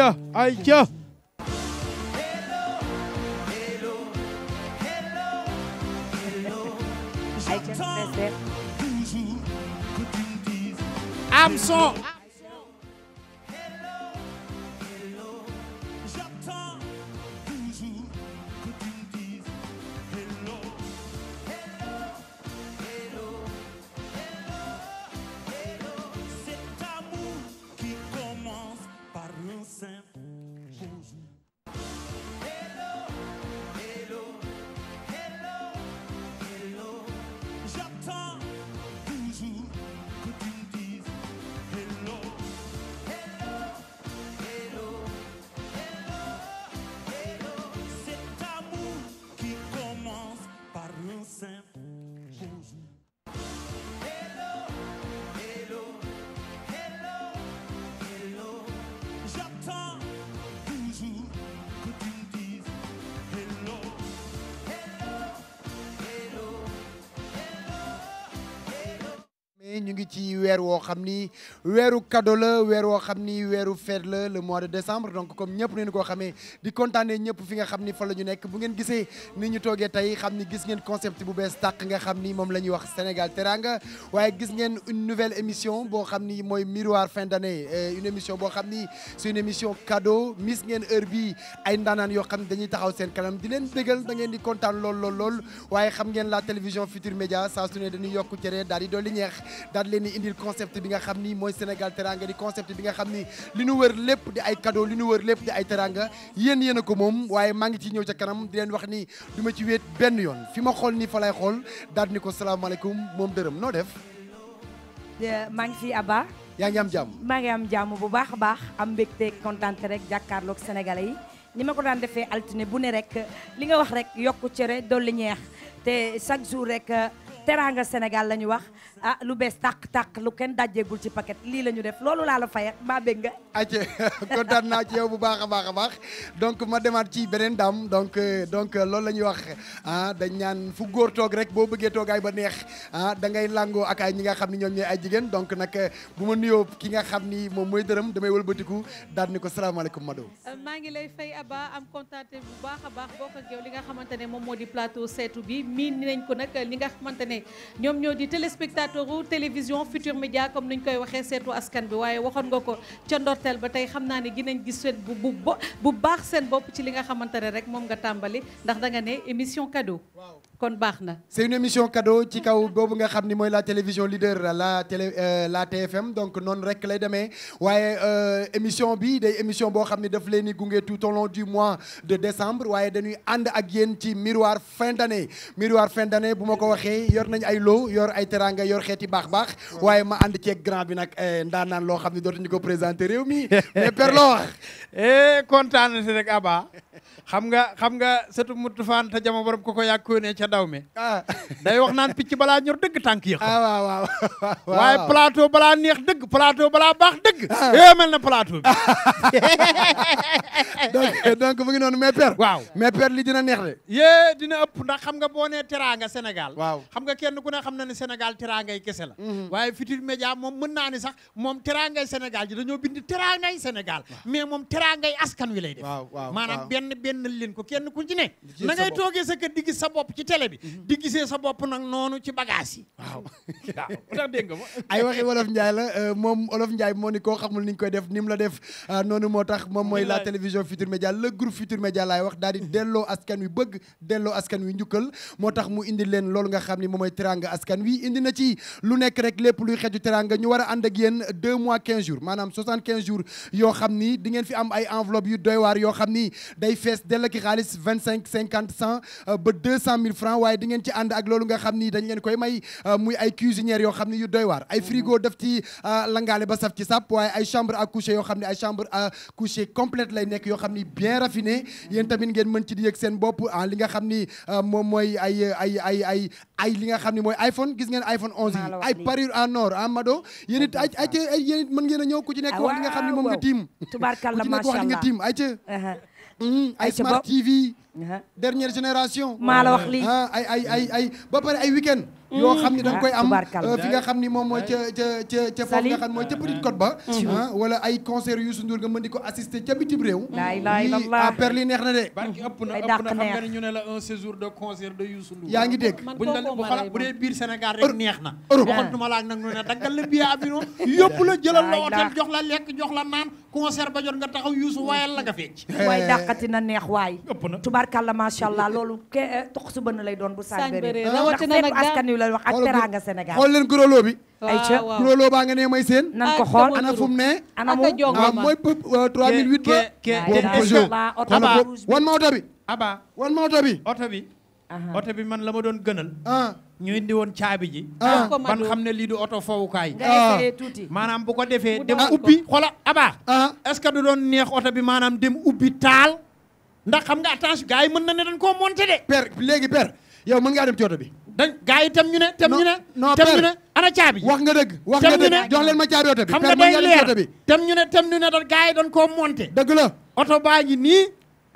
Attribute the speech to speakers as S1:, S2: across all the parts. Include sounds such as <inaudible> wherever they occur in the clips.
S1: ayca ayca ñu ngi ci weer woo xam ni weeru cadeau la weer woo xam ni weeru fête la le mois de décembre donc comme ñëpp neen koo xamee di kontaanee ñëpp fi nga xam ni fa la ñu nekk bu ngeen gisee ni ñu toogee tey xam ni gis ngeen concept bu bees tàq nga xam ni moom la ñuy wax Sénégal Teranga waaye gis ngeen une nouvelle émission boo xam ni mooy miroir fin d'année euh, une émission boo xam ni c'est une émission cadeau mis ngeen heure bi ay ndaanaan yoo xam ni dañuy taxaw seen kanam di leen bégal da ngeen di kontaan lool lool lool waaye xam la télévision Futur Média saa su ne yokk cere daal di dolli daal leen di indil concept bi nga xam ni mooy Sénégal teranga di concept bi nga xam ni li ñu wër lépp di ay cadeau li ñu wër lépp di ay teranga yéen yéen ko moom waaye maa ngi ci ñëw ca kanam di leen wax ni du ma ci wéet benn yoon fi ma xool nii fa lay xool daal ni ko salaamaaleykum moom dërëm noo def.
S2: maa ngi fi Abba. yaa ngi am jàmm maa ngi am jàmm bu baax a baax am mbégte kontaan rek jàkkaarlook sénégalais yi ni ma ko daan defee altine bu ne rek li nga wax rek yokku cere dolli ñeex te chaque jour rek teraanga Sénégal la ñu wax ah lu bees tàq tàq lu kenn dajjeegul ci paquet lii la ñu def loolu laa la faye mbaa bég nga
S1: ace <laughs> kontaan naa ci yow bu baax a baax a baax donc ma demaat ci beneen daam donc euh, donc euh, loolu la ñuy wax ah dañ ñaan fu góor toog rek boo bëggee toogaay ba neex dangay ah, da ak ay ñi nga xam ni ñoom ñooy ay jigéen donc nag euh, bu ma nuyoo ki nga xam ni moom mooy dërëm damay wëlbatiku daal ni ko salaamaaleykum Mado
S3: maa ngi lay fay Aba am contenté bu baax a baax bokk ak yow li nga xamante ne moom moo di plateau seetu bi miin ko nag li nga xamante ne ñoom ñoo di coordinateuru télévision Futur Média comme ni ñu koy waxee seetu askan bi waaye waxoon nga ko ca ndorteel ba tey xam naa ne ginañ gis seen bu bu bu baax seen bopp ci li nga xamante ne rek moom nga tàmbali ndax da ne émission cadeau kon baax na.
S1: c'est une émission cadeau ci kaw boobu nga xam ni mooy la télévision leader la télé euh, la TFM donc noonu rek lay demee waaye euh, émission bi day émission boo xam ni daf leen di gunge tout au long du mois de décembre waaye dañuy ànd ak yéen ci miroir fin d'année miroir fin d'année bu ma ko waxee yor nañ ay loo yor ay teranga yor xeeti baax baax waaye ma ànd ceeg grand bi nag eh, ndaanaan loo xam ni dootuñu ko présenté réew mi mais <laughs> perlo wax. Eh, kontaan na si rek Aba xam nga xam nga sëtu Moutou Fane te jama borom ko ko yàgg ne ca daw me ah. day wax naan picc bala ñor dëgg tànk yëg ah, waaw waaw waaye plateau balaa neex dëgg plateau balaa baax dëgg yooyu ah. <laughs> eh, mel na plateau bi <laughs> donc eh, donc mu ngi noonu mais waaw mais père li dina neex de yée dina ëpp ndax xam nga boo nee teraanga Sénégal waaw xam nga kenn ku ne xam na ne Sénégal teraangay kese la mhm. waaye Futurs Médias moom mën naa ni sax moom teraangay Sénégal ji dañoo bind teraangay Sénégal mais moom teraangay askan wi lay
S4: def maanaam
S1: benn benn leen ko kenn ku ci télé bi. Mhm. di gisee sa bopp nag noonu ci bagage yi. waaw <laughs> waaw <laughs> ndax dégg nga ay waxi wolof Ndiaye la euh, moom wolof Ndiaye moo ni koo xamul ni ñu koy def ni mu la def euh, noonu moo tax moom mooy la télévision Futur Média le groupe Futur Média laay wax daal di delloo askan wi bëgg delloo askan wi njukkal moo tax mu indi leen loolu nga xam ni moom mooy teranga askan wi indi na ci lu nekk rek lépp luy xeetu teranga ñu war a ànd ak yéen 2 mois 15 jours maanaam 75 jours yoo xam ni di ngeen fi yoo xam ni day fees dell ki xaalis 25 50 100 ba 200 francs waaye di ngeen ci ànd ak loolu nga xam ni dañ leen koy may euh, muy ay cuisinières yoo xam ne doy waar ay mhm. frigo def ci euh, langaale ba saf ci sàpp waaye ay chambre à coucher yoo xam ne ay chambre à coucher complète lay nekk yoo xam ni bien raffiné yéen tamit ngeen mën ci di yëg seen bopp ah, li nga xam ni euh, moom mooy ay ay ay ay li nga xam ni mooy iPhone gis ngeen iPhone 11 ay parure en or ah Mado yéen it ay ay ay yéen it mën ngeen a ñëw ku ci nekk ah, wax li nga xam ni moom nga tiim tubaarkalla macha <laughs> wax li ay ca uh-huh. mm, Uh-huh. dernière génération. maa la wax lii ah, ay ay ay ay ba pare ay week-end Mmh. yoo xam ni da nga ah, koy am euh, fi nga xam ni moom mooy ca ca ca ca nga xam mooy ca Petite Côte ba mmh. Mmh. Ah, wala ay concert Youssou Ndour nga mën di ko assister bitim réew la un séjour de concert de Youssou Ndour yaa ngi dégg buñ la bu dee biir Sénégal rek neex na waxatuma laaj nag ñu ne daggal la billet avion yóbbu la jëlal la hôtel jox la lekk jox la naan concert ba jot nga taxaw Youssou waayal la nga fecc eh. waay
S2: dàqati na neex waay ëpp na tubaarkàlla macha allah loolu ke eh, tox su bënn lay doon bu saañ bëri rawatina nag la wax ak teraanga Sénégal xool
S1: leen guroloo bi ay ca guroloo baa nga ne may seen nan ko xool ana fu mu ne ana mooy 3008 euh, ba wan ma oto bi aba wan ma oto bi oto bi oto bi man la ma doon gënal ah. ñu indi woon caabi ji ban ah. xam ne lii du oto fowukaay ah. maanaam bu ko defee dem ubbi xoola aba est-ce que du doon neex oto bi maanaam dem ubbi taal ndax xam nga attention gars yi mën na ne dañ ko monté de per léegi per yow mën ngaa dem ci oto bi dañ gaa yi tam ñu ne tam ñu ne tam ñu ne ana caabi wax nga dëgg wax nga dëgg jox leen ma caabi oto bi xam nga day leer tam ñu ne tam ñu ne dañ gaa yi dañ koo monté dëgg la oto baa ngi nii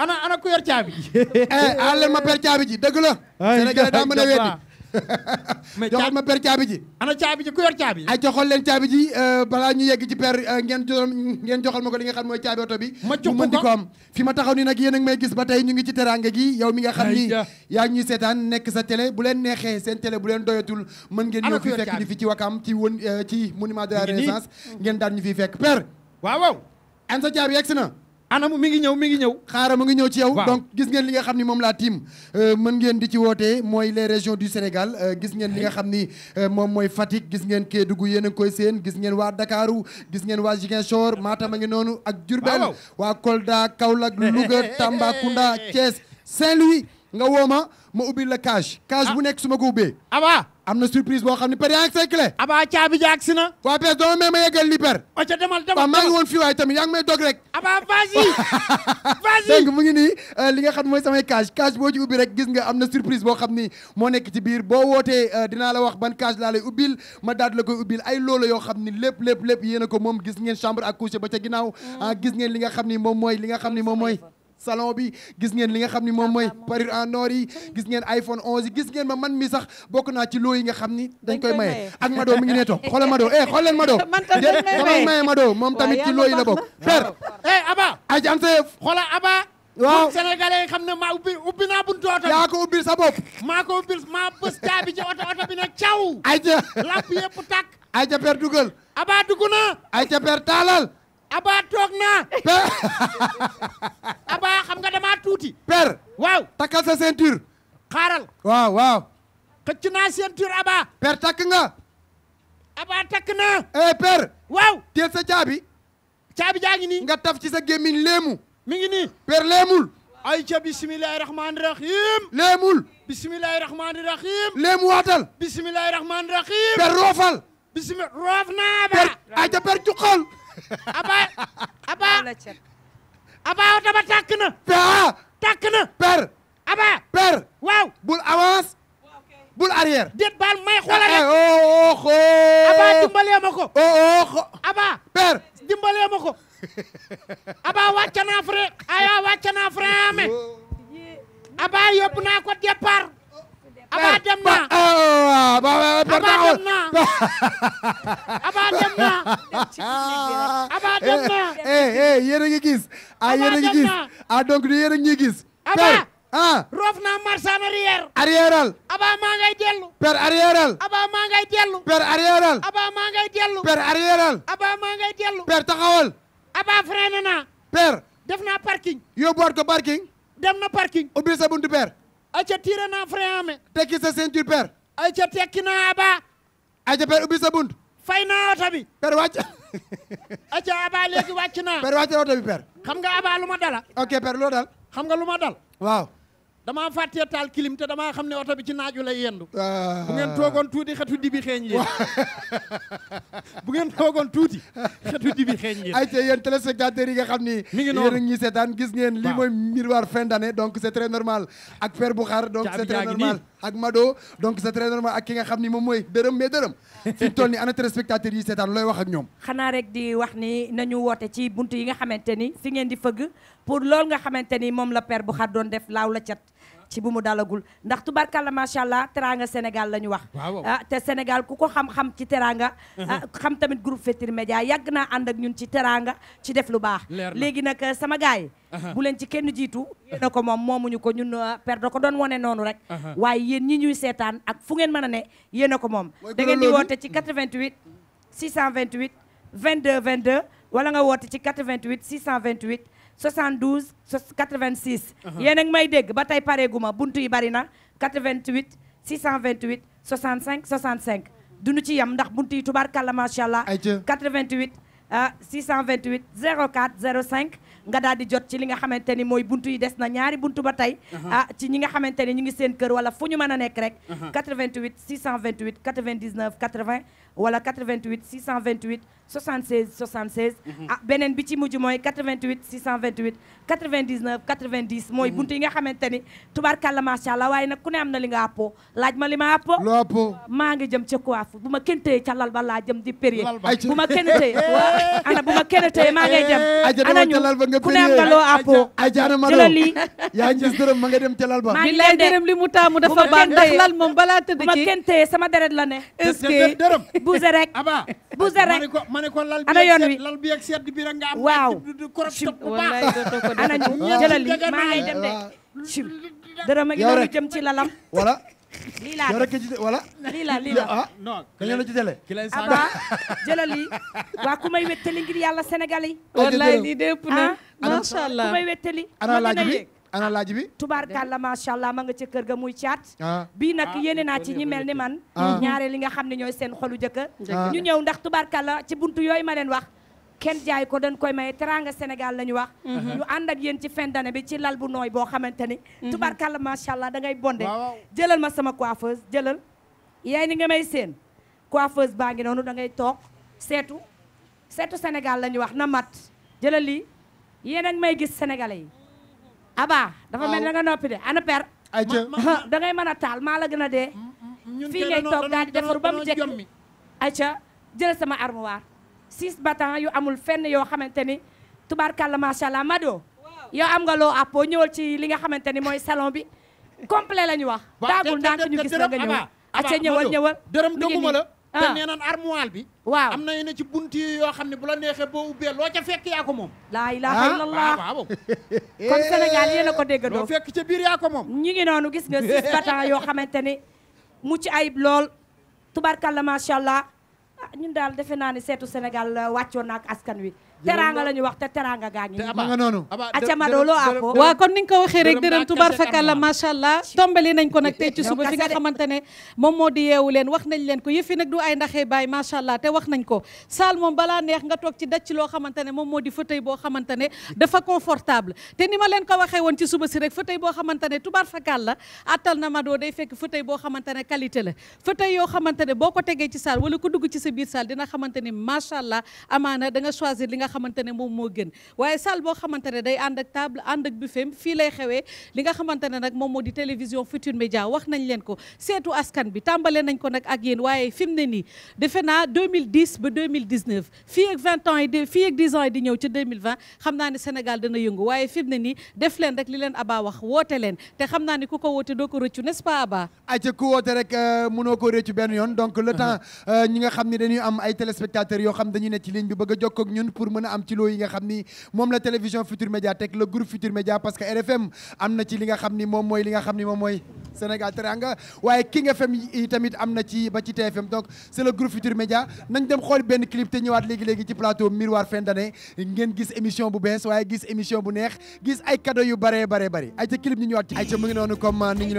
S1: ana ana ku yor caabi ji eh ma per caabi ji dëgg la Sénégal daa mën a weddi <laughs> mais joxal ma per caabi ji. ana caabi ji ku yor caabi. ay joxal leen caabi ji euh, balaa ñu yegg ci per euh, ngeen joxal ngeen joxal ma ko li nga xam mooy caabi oto bi. ma jox ko am fi ma taxaw ni nag yéen ngi may gis ba tey ñu ngi ci teraanga gi yow mi nga xam ni. yaa ngi seetaan nekk sa tele bu leen neexee seen télé bu leen doyatul. mën ngeen ñëw fi fekk ñu fi ci wakam ci won euh, ci monument de la renaissance. ngeen daan ñu fi fekk per. waaw waaw. an sa caabi yegg si na anam mi ngi ñëw mi ngi ñëw xaara mu ngi ñëw ci yow donc gis ngeen li nga xam ni moom laa tiim euh, mën ngeen di ci wootee mooy les régions du Sénégal euh, gis ngeen li nga xam ni euh, moom mooy Fatick gis ngeen Kédougou yéen a ngi koy seen gis ngeen waa ndakaaru gis ngeen waa soor Matam a ngi noonu ak Diourbel waa Kolda Kaolack Louga <laughs> Tambacounda Thiès Saint-Louis nga wooma ma ubbi la cage. cage ah. bu nekk su ma ko ubbee. abaa am na surprise boo xam ne per yaa ngi say clé. abaa caabi jaag si na. waa Pes dama may ma yeggal lii per. waa maa ngi woon fii waaye tamit yaa ngi may dog rek. abaa vas <laughs> mu ngi nii euh, li nga xam mooy samay cage cage boo ci ubbi rek gis nga am na surprise boo xam ni moo nekk ci biir boo wootee euh, dinaa la wax ban cage laa lay ubbil ma daal la koy ubbil ay loola yoo xam ni lépp lépp lépp yéen ko moom gis ngeen chambre à coucher ba ca ginnaaw mm. ah, gis ngeen li nga xam ni moom mooy li nga xam ni moom salon bi gis ngeen li nga xam ni moom mooy parure en or yi gis ngeen iPhone 11 gis ngeen ma man mi sax bokk naa ci loo yi nga xam ni dañ koy maye ak Mado mi ngi nee toog xoolal Mado eh xool leen Mado <laughs> damay maye Mado moom tamit ci loo yi la bokk père eh Aba ajance xoola Aba waaw sénégalais yi xam ne maa ubbi ubbi naa buntu oto yaa ko ubbil sa bopp maa ko ubbil maa bës caabi ci oto oto bi na caw ayca lamp yëpp tàkk ayca père dugal Aba dugg na ayca père taalal abaa toog naa. père. <laughs> abaa xam nga damaa tuuti. père. waaw takkal sa ceinture. xaaral. waaw waaw. xëcc naa ceinture abaa. père takk nga. abaa takk naa. eh père. waaw teel sa caabi. caabi jaa ngi nii. nga taf ci sa gémmiñ léemu. mi ngi nii. père léemul. ayca bisimilahi rahmaani rahim. léemul. bisimilahi waatal. bisimilahi rahmaani rahim. père roofal. bisimilah roof naa abaa. père ayca père juqal. aba aba aba oto ba tàkk na paa tàkk na per aba per waaw bul avance bul arrière déet baal may xoola rek eh, oo oh, oh, xoo oh, aba dimbalee ma ko oo xoo aba per dimbalee ma ko aba wàcc naa frein aya wàcc naa frein ame aba yóbbu naa ko départ aba dem naa
S4: aba dem naa aba dem naa
S1: yéen a ngi gis ah yéen a ngi gis ah donc du yéen a ngi gis père ah.
S4: roof naa marche en arrière arrièreal abaa maa ngay dellu père
S1: arrièreal abaa maa ngay dellu père arrièreal abaa maa ngay dellu père def naa parking yóbbuwaat ko parking dem na parking ubbi sa buntu père ayca tiré naa frein amee tekki sa ceinture père ayca tekki naa abaa ayca père ubbi sa fay naa oto bi père wàcc aca aba léegi wàcc naa père wàcc na bi père xam nga aba lu ma dala ok père loo dal xam nga lu ma dal waaw damaa fàtte taal kilim te damaa xam ne oto bi ci naaju lay yendu ah. bu ngeen toogoon tuuti xetu dibi xeeñ yéen <laughs> bu ngeen toogoon tuuti xetu dibi xeeñ yéen ay te yéen yi nga xam ni mi ngi noonu yéen ñi seetaan ngeen lii mooy miroir fin d'année donc c'est normal ak Père Boukhar Mado donc c'est ak ki nga xam ni moom mooy dërëm mais dërëm <laughs> fi mu toll ni ana téléspectateurs yi seetaan looy wax ak ñoom
S2: xanaa rek di wax ni nañu woote ci bunt yi nga xamante ni si ngeen di fëgg pour loolu nga xamante ni moom la per bu Boukhar doon def laaw la cat ci bu mu dalagul ndax tubarkalla macha allah teranga Sénégal la ñu wax. ah te Sénégal ku ko xam-xam ci teranga. Ah, xam tamit groupe Futurs Médias yàgg naa ànd ak ñun ci teranga ci def lu baax. léegi nag sama gars yi bu leen ci kenn jiitu. na ko moom ñu ko ñun ah, per da ko doon wane noonu rek. waaye yéen ñi ñuy seetaan ak fu ngeen mën a ne yéen ko moom. da ngeen di woote ci 88 628 22 22 wala nga woote ci 88 628. 72 86. Uh-huh. yéen a ngi may dégg ba tey pareeguma buntu yi bari na 88 628 65 du nu ci yem ndax buntu yi tubaarkàlla macha allah. 88 ah 628 04 05. nga daal di jot ci li nga xamante ni mooy buntu yi des na ñaari buntu ba tey uh-huh. ah ci ñi nga xamante ni ñu ngi seen kër wala fu ñu mën a nekk rek 88 628 99 80 wala 88 628 76 76. ah beneen bi ci mujj mooy 88 628 99 90 mooy mhm. buntu yi nga xamante ni tubaarkàlla macha allah waaye nag ku ne am na li nga àppoo laaj ma li ma àppoo. loo maa ngi jëm ca coiffe bu ma kenn tëye ca lal ba laa jëm di périer. bu ma kenn tëye waaw ana bu ma
S1: kenn tëye maa ngay jëm. ana ñu ku ne am nga loo àppoo. jëlal
S2: yaa ngi dërëm ma nga dem ca lal ba.
S3: maa ngi de li mu taamu balaa tëdd ci
S2: bu ma kenn la ne. est-ce bouse rek. aba bouse rek ma ne ko lal bi lal bi ak sedd bi rek nga am. waaw ana ñu jëlal li maa ngay dem de.
S4: dara ma ngi doon
S2: jëm ci lalam. voilà. lii laa yow rek ci voilà. lii la lii la ah non. kañ la ci jëlee. ki lay sànq aba jëlal lii. waa ku may wettali ngir yàlla Sénégal yi. wallaay lii de ëpp na. macha allah ku ana laaj bi ana ah, laaj bi tubaarkàlla macha allah ma nga ca kër ga muy caat ah. bii nag ah, yéene naa ci ñi mel ni man ñaare li nga xam ne ñooy seen xolu jëkkër ñu ñëw ndax tubaarkàlla ci buntu yooyu ma leen wax kenn jaay ko dañ koy maye teranga Sénégal la ñu wax mhm. ñu ànd ak yéen ci fin d'année bi ci lal bu nooy boo xamante ni mhm. tubaarkàlla macha allah da ngay bondé jëlal ma sama coiffeuse jëlal yaay ni nga may séen coiffeuse baa ngi noonu da ngay toog seetu seetu Sénégal la ñu wax na mat jëlal lii yéen may gis sénégalais yi Aba dafa mel na nga noppi de ana per da ngay mën a taal maa la gën a dee mm,
S4: mm, mm, fii ngay toog daal di defaru ba mu jekk
S2: ayca jël sama armoire six battant yu amul fenn yoo xamante ni tubaarkàlla macha allah Mado yow am nga loo àppoo ñëwal ci li nga xamante ni mooy salon bi complet la ñu wax daagul ndànk ñu gis la nga a ayca ñëwal ñëwal dërëm
S1: doguma Ah. te nee nan
S2: bi waaw am na ne ci bunt yoo xam ne bu la neexee boo ubbee loo ca fekk yaa ko moom laa ilaha ah. illallah ah, waaw
S4: kon Sénégal yéen
S2: a ko déggandoo loo fekk ca biir yaako moom ñi ngi noonu gis nga six battants yoo xamante ne mucc ayib lool tubarkalla macha allah ñun daal defe naa ne seetu Sénégal euh, wàccoon na ak askan wi teraanga la ñu wax te teraanga gaa ngi ma nga noonu acamadoolo ako kon ni nga ko waxee rek dërëm tubaar fakalla
S3: macha allah tombali nañ ko nag tey ci suba fi nga xamante ne moom moo di yeewu leen wax nañ leen ko yëfi nag du ay ndaxee baay macha allah te wax nañ ko saal moom balaa neex nga toog ci dacc loo xamante ne moom moo di fauteuil boo xamante ne dafa confortable te ni ma leen ko waxee woon ci suba si rek tey boo xamante ne tubaar fakalla attal na madoo day fekk tey boo xamante ne qualité la fauteuil yoo xamante ne boo ko tegee ci saal wala ko dugg ci sa biir saal dina xamante ne macha allah amaana da nga choisir nga nga xamante ne moom moo gën waaye saal boo xamante ne day ànd ak table ànd ak buffet fii lay xewee li nga xamante ne nag moom moo di télévision Futur Média wax nañ leen ko seetu askan bi tàmbale nañ ko nag ak yéen waaye fi mu ne nii defe naa 2010 ba 2019 fii ak 20 ans yi di fii ak 10 ans yi di ñëw ci 2020 xam naa ne Sénégal dana yëngu waaye fi ne nii def leen rek li leen Aba wax woote leen te xam naa ne ku ko woote doo ko rëccu n'est-ce pas Aba ayca ku woote rek euh, mënoo ko rëccu
S1: benn le uh-huh. temps euh, ñi am ay téléspectateurs yoo xam dañuy ne ci ligne mën a am ci loo yi nga xam ni moom la télévision Futur Média teg le groupe Futur Média parce que RFM am na ci li nga xam ni moom mooy li nga xam ni moom mooy Sénégal Teranga waaye King FM tamit am na ci ba ci TFM donc c'est le groupe Futur Média nañ dem xool benn clip te ñëwaat léegi léegi ci plateau miroir fin d'année ngeen gis émission bu bees waaye gis émission bu neex gis ay cadeau yu bare bare bare ay ca clip ñu ñëwaat ci ay ca mu ngi noonu euh, ngeen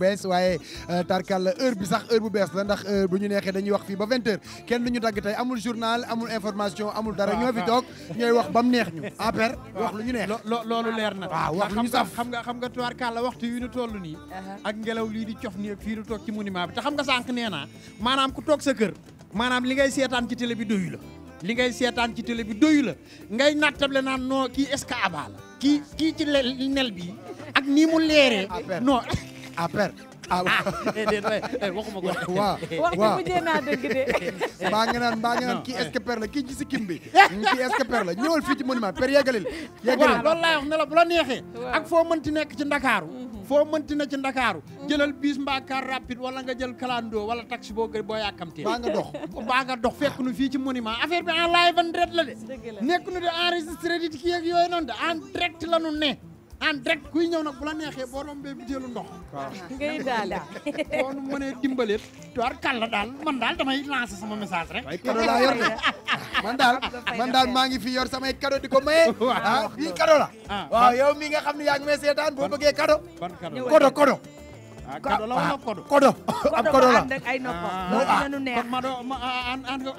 S1: euh, la ndax heure wax lu ñu dagg tey amul journal amul information amul dara ñoo fi toog ñooy wax ba mu neex ñu APR wax lu ñu neex loolu leer na waaw wax lu ñu saf xam nga xam nga tubaarkàlla waxtu yu ñu toll nii uh-huh. ak ngelaw lii di cof nii ak fii ñu toog ci monument bi te xam nga sànq nee naa maanaam ku toog sa kër maanaam li ngay seetaan ci télé bi doyu la li ngay seetaan ci télé bi doyu la ngay nattable naan noo kii est-ce que abaa la kii kii ci nel bi ak nii mu leeree non APR Ah, ah waaw déedéet waay waxuma ko. waaw waaw waxtu mujjee naa dëgg de. mbaa nga naan mbaa nga naan kii est-ce bi. kii est-ce que père la ñëwal fii ci monument père yeggalil. yeggalil waaw loolu laay wax ne la bu la ak foo mënti nekk ci Ndakaaru. Mhm. foo mënti na ci Ndakaaru. Mhm. jëlal bis mbaa car rapide wala nga jël kalandoo wala tax boo gë boo yàkkamtee. baa nga dox nga dox fekk nu fii ci monument affaire bi en live en direct la de.
S3: nekk nu de enregistré
S1: di kii ak yooyu noonu de en direct la nu ne. en direct kuy ñëw na bu la neexee boo rombee bi jëlu ndox.
S3: waaw ngay daal
S1: boo nu mënee dimbale. tuwaar kan la daal man daal damay lancer sama message rek. waaye cadeau laa yor de man daal man daal maa ngi fi yor samay cadeau di ko maye. bii <laughs> ah, cadeau la. Ah, waaw yow mi nga xam ne yaa ngi seetaan boo bëggee cadeau. kodo kodo. Ah, kodo la wala kodo kodo kodo la
S2: ay noppam moo ko wax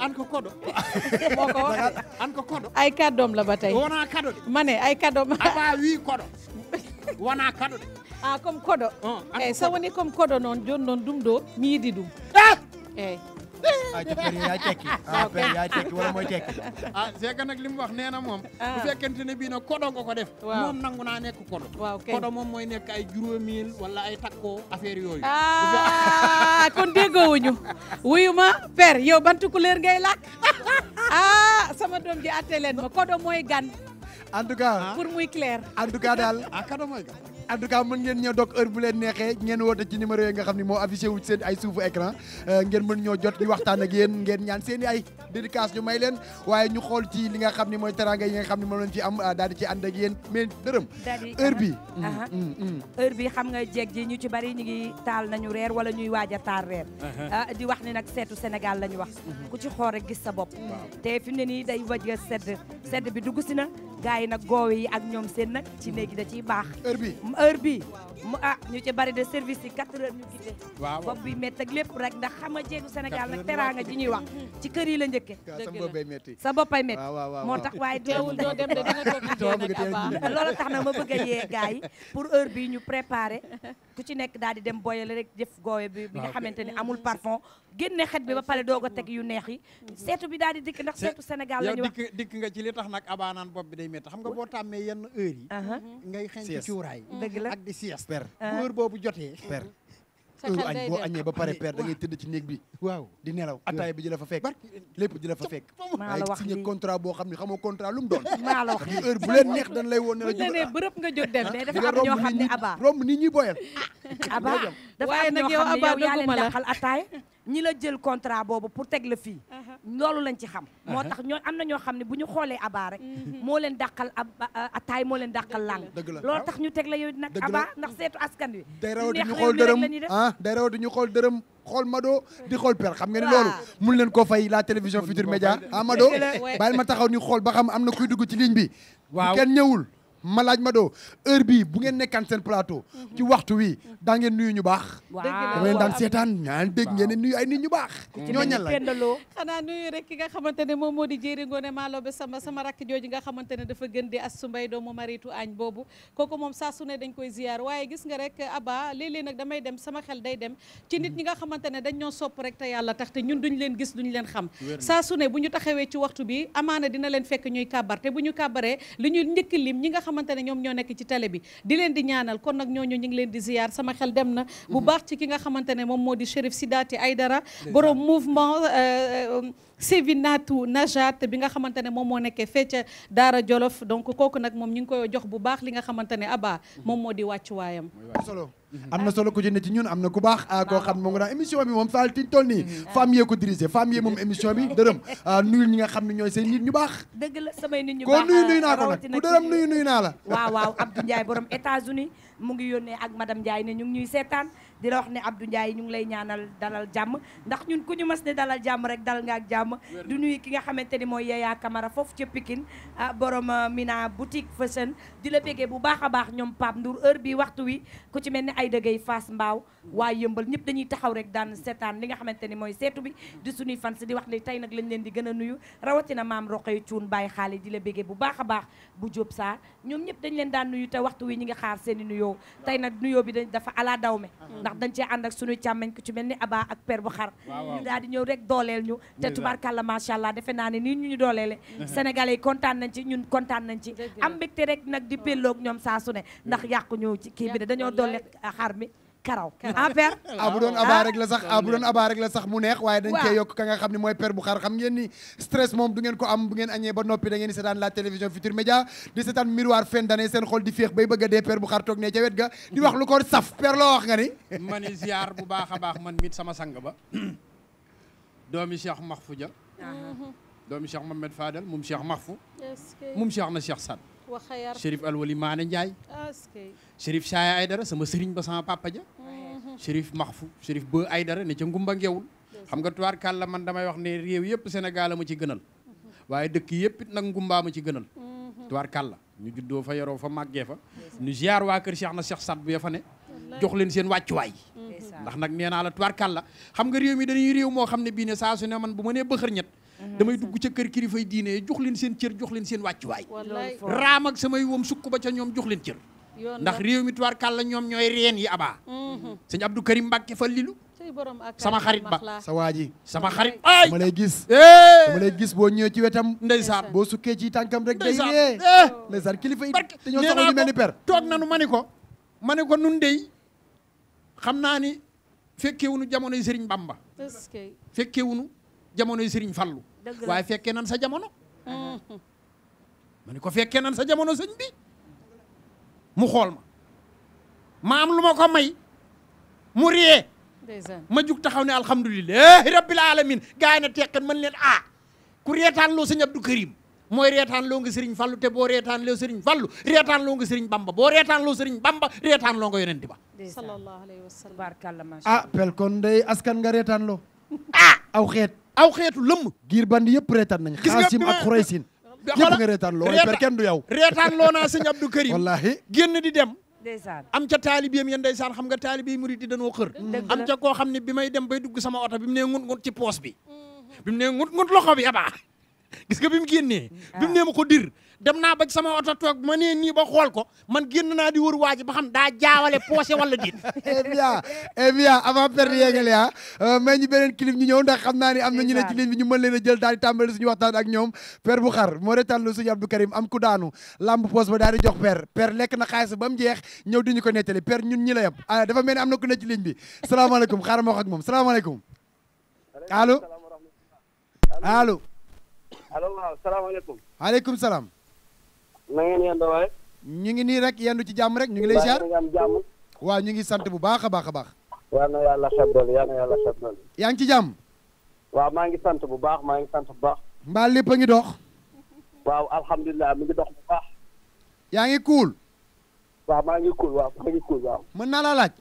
S3: an ko kodo ay kàddoom la ba tey kado de ma ne ay kadoom aba ah, wi kodo wona kado de ah comme kodo oh, eyi eh, so woni comme kodo noon joni noon ɗum ɗo miidi ɗum ah! eyi eh. ah ci per yaay
S1: tekki <laughs> ah per yaay tekki wala
S4: <laughs>
S1: ah, nag li wax nee na moom bu ah. fekkente ne bii nag kodo nga ko def moom nangu naa nekk kodo kodo moom mooy nekk ay juróomil wala ay takkoo
S4: affaire yooyu
S3: ah <laughs> kon déggoowuñu wuyu ma per yow ban couleur ngay làkk ah sama doom ji atte leen ma kodo mooy gan en tout cas muy clair
S1: en tout daal ah kodo mooy gan en tout cas mën ngeen ñëw doog heure bu leen neexee ngeen woote ci numéro yi nga xam ne moo affiché wu seen ay suufu écran euh, ngeen mën ñoo jot di waxtaan ak yéen ngeen ñaan seen i ay dédicace ñu may leen waaye ñu xool ci li nga xam ne mooy teranga yi nga ne moom lañ ci am euh, daal di ci ànd ak yéen mais dërëm
S2: heure bi uh-huh. mm, mm, mm. heure bi xam nga jeeg ji ñu ci bari ñu ngi taal nañu reer wala ñuy waaja a taal reer uh-huh. ah, di wax ni nag seetu Sénégal la ñu wax mm-hmm. ku ci xool rek gis sa bopp te fi mu ne nii day waj sedd sedd bi dugg si na gars yi nag goow yi ak ñoom seen nag ci néegi da ciy baax bi heure bi mu ah ñu ci bari de service yi 4 heures ñu quitté waaw bopp bi métti ak lépp rek ndax xam nga jéegu Sénégal nag teraanga ji ñuy wax ci kër yi la njëkke sa boppay métti moo tax waaye teewul doo dem de
S4: tax na ma bëgg a yee gars
S2: yi pour heure bi ñu préparé ku ci nekk daal di dem boyale rek jëf gooye bi bi nga ne amul parfum génne xet bi ba pare doog a yu neex yi seetu bi daal di dikk ndax seetu Sénégal la ñu wax dikk nga ci li tax nag abanaan bopp bi day métti xam nga boo tàmmee
S1: yenn heure yi ngay xeeñ ci cuuraay dëgg la ak di sieste per heure ah. boobu jotee per heure añ boo añee ba pare per da ngay tëdd ci néeg bi waaw di nelaw ataaya bi di fa fekk lépp di la fa fekk maa contrat boo xam ne xamoo contrat doon maa la wax heure bu leen neex dañ lay woon ne la jóg
S3: bërëb nga jóg dem ah, mais dafa am ñoo xam ne
S2: aba romb nit ñi boyal
S1: aba
S3: <laughs> dafa am ñoo xam ne yow
S2: yaa ñi la jël contrat boobu pour teg la fii uh-huh. loolu lañ ci xam uh-huh. moo tax ñoo am na ñoo xam ne bu ñu xoolee abaa rek mm-hmm. moo leen a ataay moo leen dàqal làng loolu tax ñu teg la yow nag abaa ndax seetu askan wi day rawati ñu xool dërëm ah
S1: day rawati ñu xool dërëm xool Mado di xool per xam nga ni loolu mun leen koo fay la télévision Futurs Médias ah Mado bàyyi ma taxaw ni xool ba xam am na kuy dugg ci ligne bi waaw kenn ñëwul malaaj ma doo heure bii bu ngeen nekkaan seen plateau. ci waxtu wi daa ngeen nuyu ñu
S3: baax. waaw dama leen daan
S1: seetaan ñaan dégg ngeen ne nuyu ay nit ñu baax. ñoo ñan la
S3: xanaa nuyu rek ki nga xamante ne moom moo di jëriñ ngoone maalo ba sama sama rakk jooju nga xamante ne dafa gën di as su mbay doomu maritu añ boobu kooku moom saa su ne dañ koy ziyaar waaye gis nga rek Abba léeg-léeg nag damay dem sama xel day dem ci nit ñi nga xamante ne dañ ñoo sopp rek te yàlla tax te ñun duñ leen gis duñ leen xam saa su ne bu ñu taxawee ci waxtu bi amaana dina leen fekk ñuy kàbbar te bu ñu kàbbaree xamante ne ñoom ñoo nekk ci tale bi di leen di ñaanal kon nag ñooñu ñu ngi leen di ziyaar sama xel dem na bu baax ci ki nga xamante ne moom moo di Chérif ay dara borom mouvement euh, Sevinatu Najat bi nga xamante ne moom moo nekkee fee Daara Jolof donc kooku nag moom ñu ngi koy jox bu baax li nga xamante ne Abba moom moo di wàcc waayam
S1: Mm-hmm. am na solo ku ci ne ci ñun am na ku baax ah, koo xam moo ngi daan émission bi moom Fall tiñ toll nii mm-hmm. femme yee ko dirigé femme moom émission bi dërëm <laughs> ah, nuyu nuyu
S2: naa la <laughs> waaw waaw Abdou Ndiaye borom États-Unis mu ngi yónnee ak madame Ndiaye ne ñu ñuy seetaan di la wax ne Abdou Ndiaye ñu ngi lay ñaanal dalal jàmm ndax ñu ku ñu mas ne dalal jàmm rek dal nga jàmm du nuyu ki nga xamante ni mooy Yaya Camara foofu ca Pikine ah borom ah, Mina boutique fashion di la bégee bu baax a baax ñoom Pape Ndour heure bi waxtu wi ku ci mel ni ay dëggay Fass Mbaaw waa yëmbal ñëpp dañuy taxaw rek daan seetaan li nga xamante ni mooy seetu bi di suñuy fans di wax ne tey nag lañ leen di gën a nuyu rawatina maam roqoy cuun bàyyi xaali di la bégee bu baax baax bu jóob saa ñoom ñëpp dañ leen daan nuyu te waxtu wi ñi nga xaar seen i nuyoo tey nag nuyoo bi dafa ala dawme ah. ndax dañ cee ànd ak suñuy càmmeñ ci mel ni Aba ak per bu xar ñu daal ñëw rek dooleel ñu te tubaarkàlla macha allah defe naa ne nii ñu ñu dooleele <laughs> sénégalais yi kontaan nañ ci ñun kontaan nañ ci am mbégte rek nag di oh. pelloog ñoom saa su ne ndax mm. yàqu ñu ci kii bi de dañoo doole xar mi karaw ah per ah bu doon abaa rek la sax ah, ah bu doon abaa
S1: la sax mu neex waaye dañ cee yokk ka nga xam ne mooy per bu xar xam ngeen ni stress moom du ngeen ko am bu ngeen añee ba noppi da ngeen di seetaan la télévision Futur Média di seetaan miroir fen dane seen xol di féex bay bëgg a dee per bu xar toog ne ca wet ga di wax lu ko saf per loo wax nga ni <laughs> mani ziar bu baax a baax man mit sama sang ba <clears throat> doomi Cheikh Mahfou Dia ah. doomi Cheikh Mohamed Fadel moom Cheikh Mahfou moom Cheikh na Cheikh Sad
S3: wa xayar Chérif
S1: Alwali Maane Ndiaye. askay ah, Chérif Saaya Aydara sama sëriñ ba sama papa ja.
S3: Mhm. Chérif
S1: Maxfu Chérif Ba Aydara ne ca Ngumba Ngewul. xam nga tubaarkàlla man damay wax ne réew yëpp Sénégal ma ci gënal. Mhm. waaye dëkk yëpp it nag Ngumba ma ci gënal. Mhm. tubaarkàlla ñu juddoo fa yaroo fa màggee fa. ñu ziar waa kër seex na Cheikh Saad bu ya fa ne. jox leen seen wàccuwaay. ndax nag nee naa la tubaarkàlla xam nga réew mi dañuy réew moo xam ne bii ne saa ne man bu ma ne bëxër ñett Mhm. damay dugg ca kër kilifay diine jox leen seen cër jox leen seen wàccuwaay raam sama samay wom sukk ba ca ñoom jox leen cër ndax réew mi tuwaar kàlla ñoom ñooy reen yi abaa mhm. sëñ Abdou Karim Mbàkke fa lilu
S3: sama xarit ba sa
S1: waa ji sama xarit ay ma lay gis ma lay gis boo ñëwee ci wetam ndeysaan boo sukkee ci tànkam rek day ree eh! ndeysaan kilifa yi te ñoo soxla ñu mel ni per toog nanu ma ni ko ma ni ko nun dey xam naa ni fekkewunu jamonoy Sëriñ Bamba fekkewunu jamonoy Serigne Fallou waaye fekkee nan sa jamono ma ni ko fekkee nan sa jamono sëñ bi mu xool ma ma am lu ma ko may mu ree ma jug taxaw ne alhamdulilahi rabbil alamin gaa yi na teqen mën leen ah ku reetaan loo sëñ Abdou Karim mooy reetaan loo nga Serigne Fallou te boo reetaan loo Serigne Fallou reetaan loo nga Serigne Bamba boo reetaan loo Serigne Bamba reetaan loo nga yonent ba
S2: sallallahu alayhi wa sallam ah
S1: pel kon day askan nga reetaan loo Ah! aw xeet aw xeetu lëmm giir bandi yëpp reetaan nañ xaasim a xuraysin yëpp nga reetaan loo per kenn du yow reetaan loo naa sëñ Abdou Karim wallaahi génn di dem ndeysaan am ca taalibeem ya ndeysaan xam nga taalibe yi murid di danoo xër am ca koo xam ne bi may dem bay dugg sama oto bi mu ne ngut ngut ci poos bi bi mu ne ngut ngut loxo bi abaa gis nga bi mu génnee mm. bi mu nee ma ko dir dem na ba sama oto toog ma nee nii ba xool ko man génn naa di wër waa ji ba xam daa jaawale poosé wala déet <laughs> eh bien eh bien avant perdre yéegale ah euh, ñu beneen clip ñu ñëw ndax xam naa ni am na ñu ne ci ligne bi ñu mën leen a jël daal tàmbali suñu waxtaan ak ñoom père bu xar moo retallu suñu Abdou Karim am ku daanu lamb poos ba daal di jox père père lekk na xaalis ba mu jeex ñëw di ñu ko nettali père ñun ñi la yem ah dafa mel ni am na ku ne ci ligne bi salaamaaleykum xaaral ma wax
S4: allo waaw salaamaaleykum.
S1: maaleykum salaam. na ngeen yendoo ñu ngi nii rek yendu ci jàmm rek ñu ngi lay ziar waaw ñu ngi sant bu baax a baax a baax. yaa na yàlla xeb dool yaa yàlla xeb dool yaa ngi ci jàmm. waaw maa ngi sant bu baax maa ngi sant bu baax. mbaa lépp a ngi dox. waaw alhamdulilah mi ngi dox bu baax. yaa ngi kuul. waaw maa ngi kuul waaw maa mën naa laa laaj.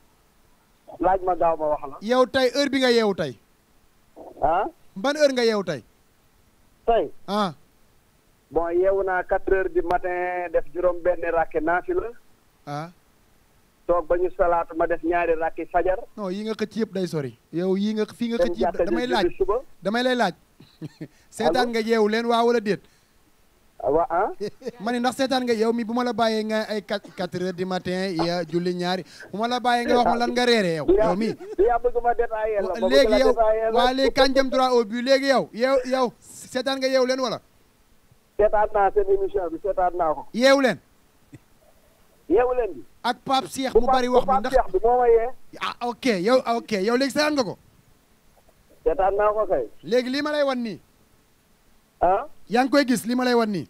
S1: laaj ma daaw ma wax la. yow tey heure bi nga yeewu tey. ah. ban heure nga yeewu tay tey. ah. bon yeewu naa quatre heures du def juróom benn rakke naafila. ah. toog ba ñu ma def ñaari rakki fajar. non yi nga xëcc yëpp day sori. yow yii nga fii nga xëcc yëpp damay laaj damay lay laaj. <laughs> seetaan nga yeewu leen waa wala déet. Ah, wa ah. <laughs> ndax seetaan nga yow mi bu ma la bàyyee nga ay quatre quatre heures du matin ya julli ñaari bu ma la bàyyee nga wax ma lan nga reeree yow. yow mi
S4: yaa léegi yow waa léegi
S1: kan jëm droit léegi yow yow seetaan nga yeewu leen wala. seetaan naa seen émission bi seetaan naa ko. yeewu leen. yeewu leen bi. ak Pape Cheikh mu bari wax bi ndax Pape bi moo ma yee. Ah, ok yow ah, ok yow léegi nga ko. seetaan naa ko kay. léegi lii ma lay wan nii. ah. yaa ngi koy gis lii ma lay wan nii.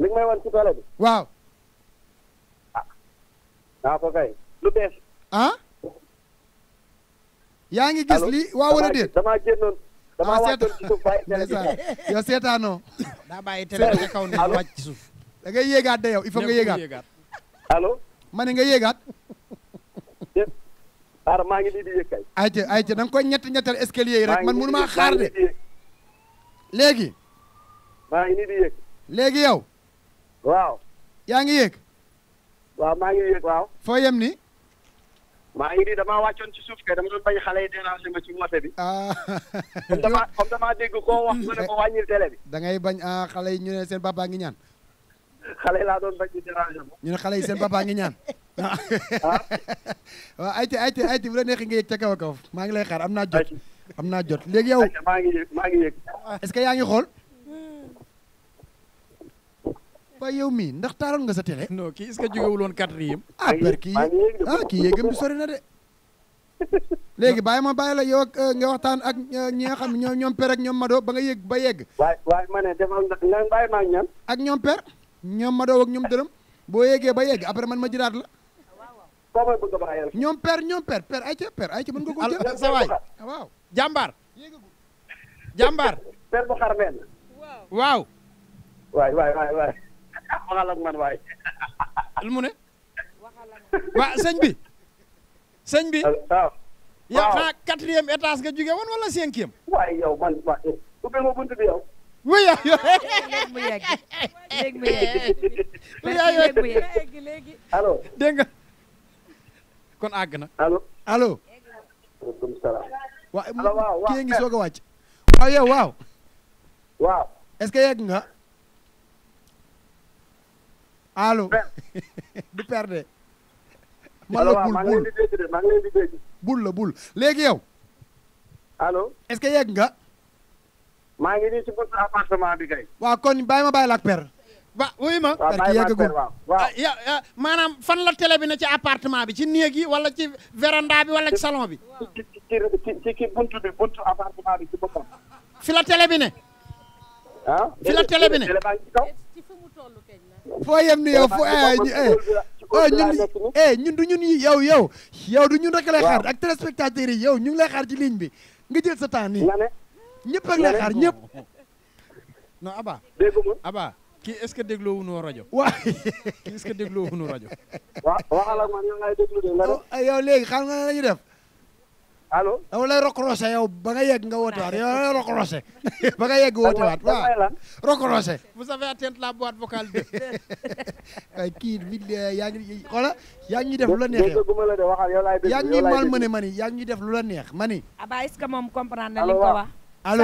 S1: li nga may wan ci télé bi.
S4: waaw. ah. naa ko
S1: ah? ngi gis lii waaw wala déet damaa seetaano ci suuf bàyyi télé kaw ne wàcc ci suuf da yéegaat de yow il faut nga yéegaat allo ma ne nga yéegaat xaar maa ngi nii di yëg kay ayca ayca da nga koy ñett ñettal escalier rek man mënu maa xaar de léegi maa ngi yow waaw yaa ngi yëg waaw maa ngi yëg waaw foo yem ni maa ngi nii damaa wàccoon ci suuf kay dama doon bañ xale yi déranger ma ci moté bi. ah. <laughs> da ngay bañ ah xale yi ñu ne seen papa ngi ñaan. xale yi laa doon bañ di déranger ñu ne xale yi seen ba papa ngi ñaan. <laughs> ah. <laughs> waaw ayca ayca ayca bu la neexee nga ca kaw a kaw maa ngi lay xaar am naa jot. am naa jot léegi yow. maa maa ngi yëg. est que yaa ngi xool. waaye yow mii ndax taaroon nga sa télé. non kii est-ce que jógewul woon quatrième. Ah, ah kii ah kii yéegam bi sori na de. <laughs> léegi bàyyi ma bàyyi la yow ak euh, waxtaan ak euh, ñi nga xam ñoom ñoom per ak ñoom madoo ba nga yegg ba yegg. waay waay ma ne defal na bàyyi ak ñoom per ñoom Mado ñoom dërëm boo yeggee ba yegg après man ma jiraat la. koo may ñoom per ñoom per per ay ca per ay ca mën nga ko jël sa waay ah, waaw jàmbaar. jàmbaar. per bu xar benn. waaw. waxal ak man waay. <laughs> lu mu ne. waa sëñ bi. sëñ bi waaw. yow xanaa quatrième étage nga jóge woon wala cinquième. waaye yow
S4: man ma ubbi ma bunt bi yow. oui yow. <laughs> léegi mu yegg léegi mu yegg <laughs> léegi mu yegg. allo dégg nga. kon
S1: àgg na. allo allo. waaleykum salaam. waaw kii ngi soog a wàcc. waaw yow waaw. waaw. est-ce que yegg nga. allo <laughs> du perde
S4: man la bul
S1: bul bul la bul léegi yow allo est-ce que yegg nga
S4: maa ngi nii ci buntu appartement bi kay
S1: waaw ma per waaw wuy ma perki ah, maanaam fan la télé bi ne ci appartement bi ci néeg yi wala ci véranda bi wala ci salon bi ci ci fi la télé bi ne ah? fi la télé bi ne foo yem ni yow foo oh ñun eh ñun du ñun yow yow yow du ñun rek lay xaar ak téléspectateurs yi yow ñu ngi ci ligne bi nga jël sa temps nii
S4: ñëpp ak lay ñëpp
S1: non Aba Aba kii est-ce que dégloo wuñu rajo waaw kii est-ce que dégloo wuñu rajo
S4: waxal ak oh,
S1: léegi xam nga allo dama lay rokorose yow ba nga yegg nga woote waat yow lay rokorose <laughs> ba nga la boîte vocale <laughs> kii bi yaa ngi xoola yaa ngi def lu la neex yaa ngi mal mëne mani yaa ngi def lu la neex mani
S2: aba est-ce que moom comprendre na li nga ko wax allo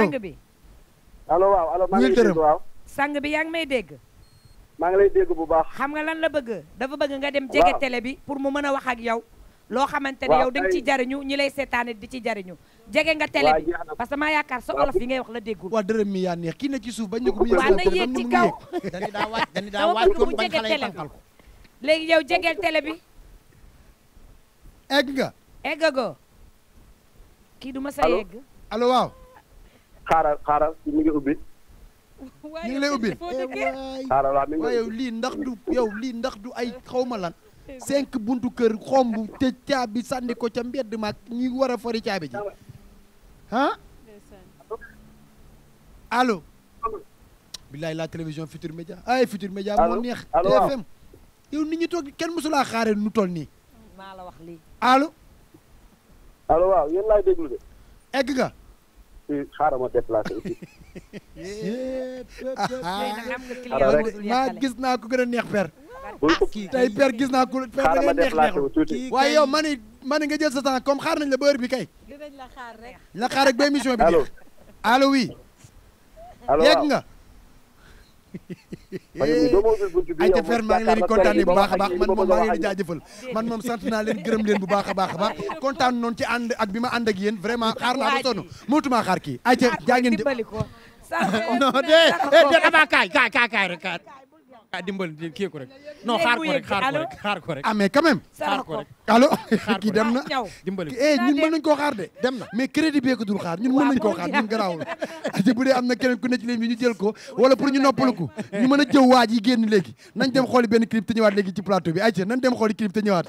S2: sang bi bi yaa ngi may dégg maa ngi bu baax xam nga lan la bëgg dafa bëgg nga dem jege télé bi pour mu mën a wax ak yow loo xamante ne yow da nga ci jariñu ñi lay seetaane di ci jariñu jege nga télé bi parce que maa yaakaar sa olof
S1: yi ngay wax la déggul waaw dërëm mi yaa neex kii na ci suuf bañ ne ko
S2: léegi yow jegeel télé bi egg nga egg go kii du ma sa yegg
S1: allo waaw
S4: xaaral ubbi
S2: ñu ngi lay
S1: ubbi
S4: waaw yow
S1: lii ndax du yow lii ndax du ay xawma lan cinq buntu kër xomb tëj caabi sànni ko ca mbedd mag ñi war a fori caabi ji ah allo billaay la télévision Futur Média ay Futur Média moo neex TFM yow nit ñi toog kenn mosulaa xaare nu toll nii
S2: maa la wax lii
S1: allo waaw yéen laay de egg nga <laughs>
S4: maa gis naa
S1: ko gën a neex per Ah, tey père gis naa ku père da ngeen waaye yow ma ni ma ni nga jël sa temps comme xaar nañ la ba bi kay la xaar rek la xaar rek ba émission bi jeex allo oui yegg nga ay te fer maa ngi leen di kontaane bu baax a baax man moom maa ngi leen di jaajëfal man moom sant naa leen gërëm leen bu baax a baax a baax kontaan noonu ci ànd ak bi ma ànd ak yéen vraiment xaar naa ba sonn mootumaa xaar kii ay te jaa ngeen jëf <laughs> non de eh, de damaa kaay kaay kaay rek kaay ah dimbal kii ko rek non xaar ko rek xaar ko rek xaar ko rek ah mais xaar ko rek allo kii dem na dimbali eh ñun mën nañ koo xaar dem na mais crédit bee ko dul xaar ñun mën nañ koo xaar ñun garaawul <laughs> te bu am na keneen ku ne ci bi ñu jël ko wala pour ñu noppaluku ñu mën a jëw waaj yi génn léegi nañ dem xooli benn clip te ñëwaat léegi ci plateau bi ayca nañ dem xooli clip te ñëwaat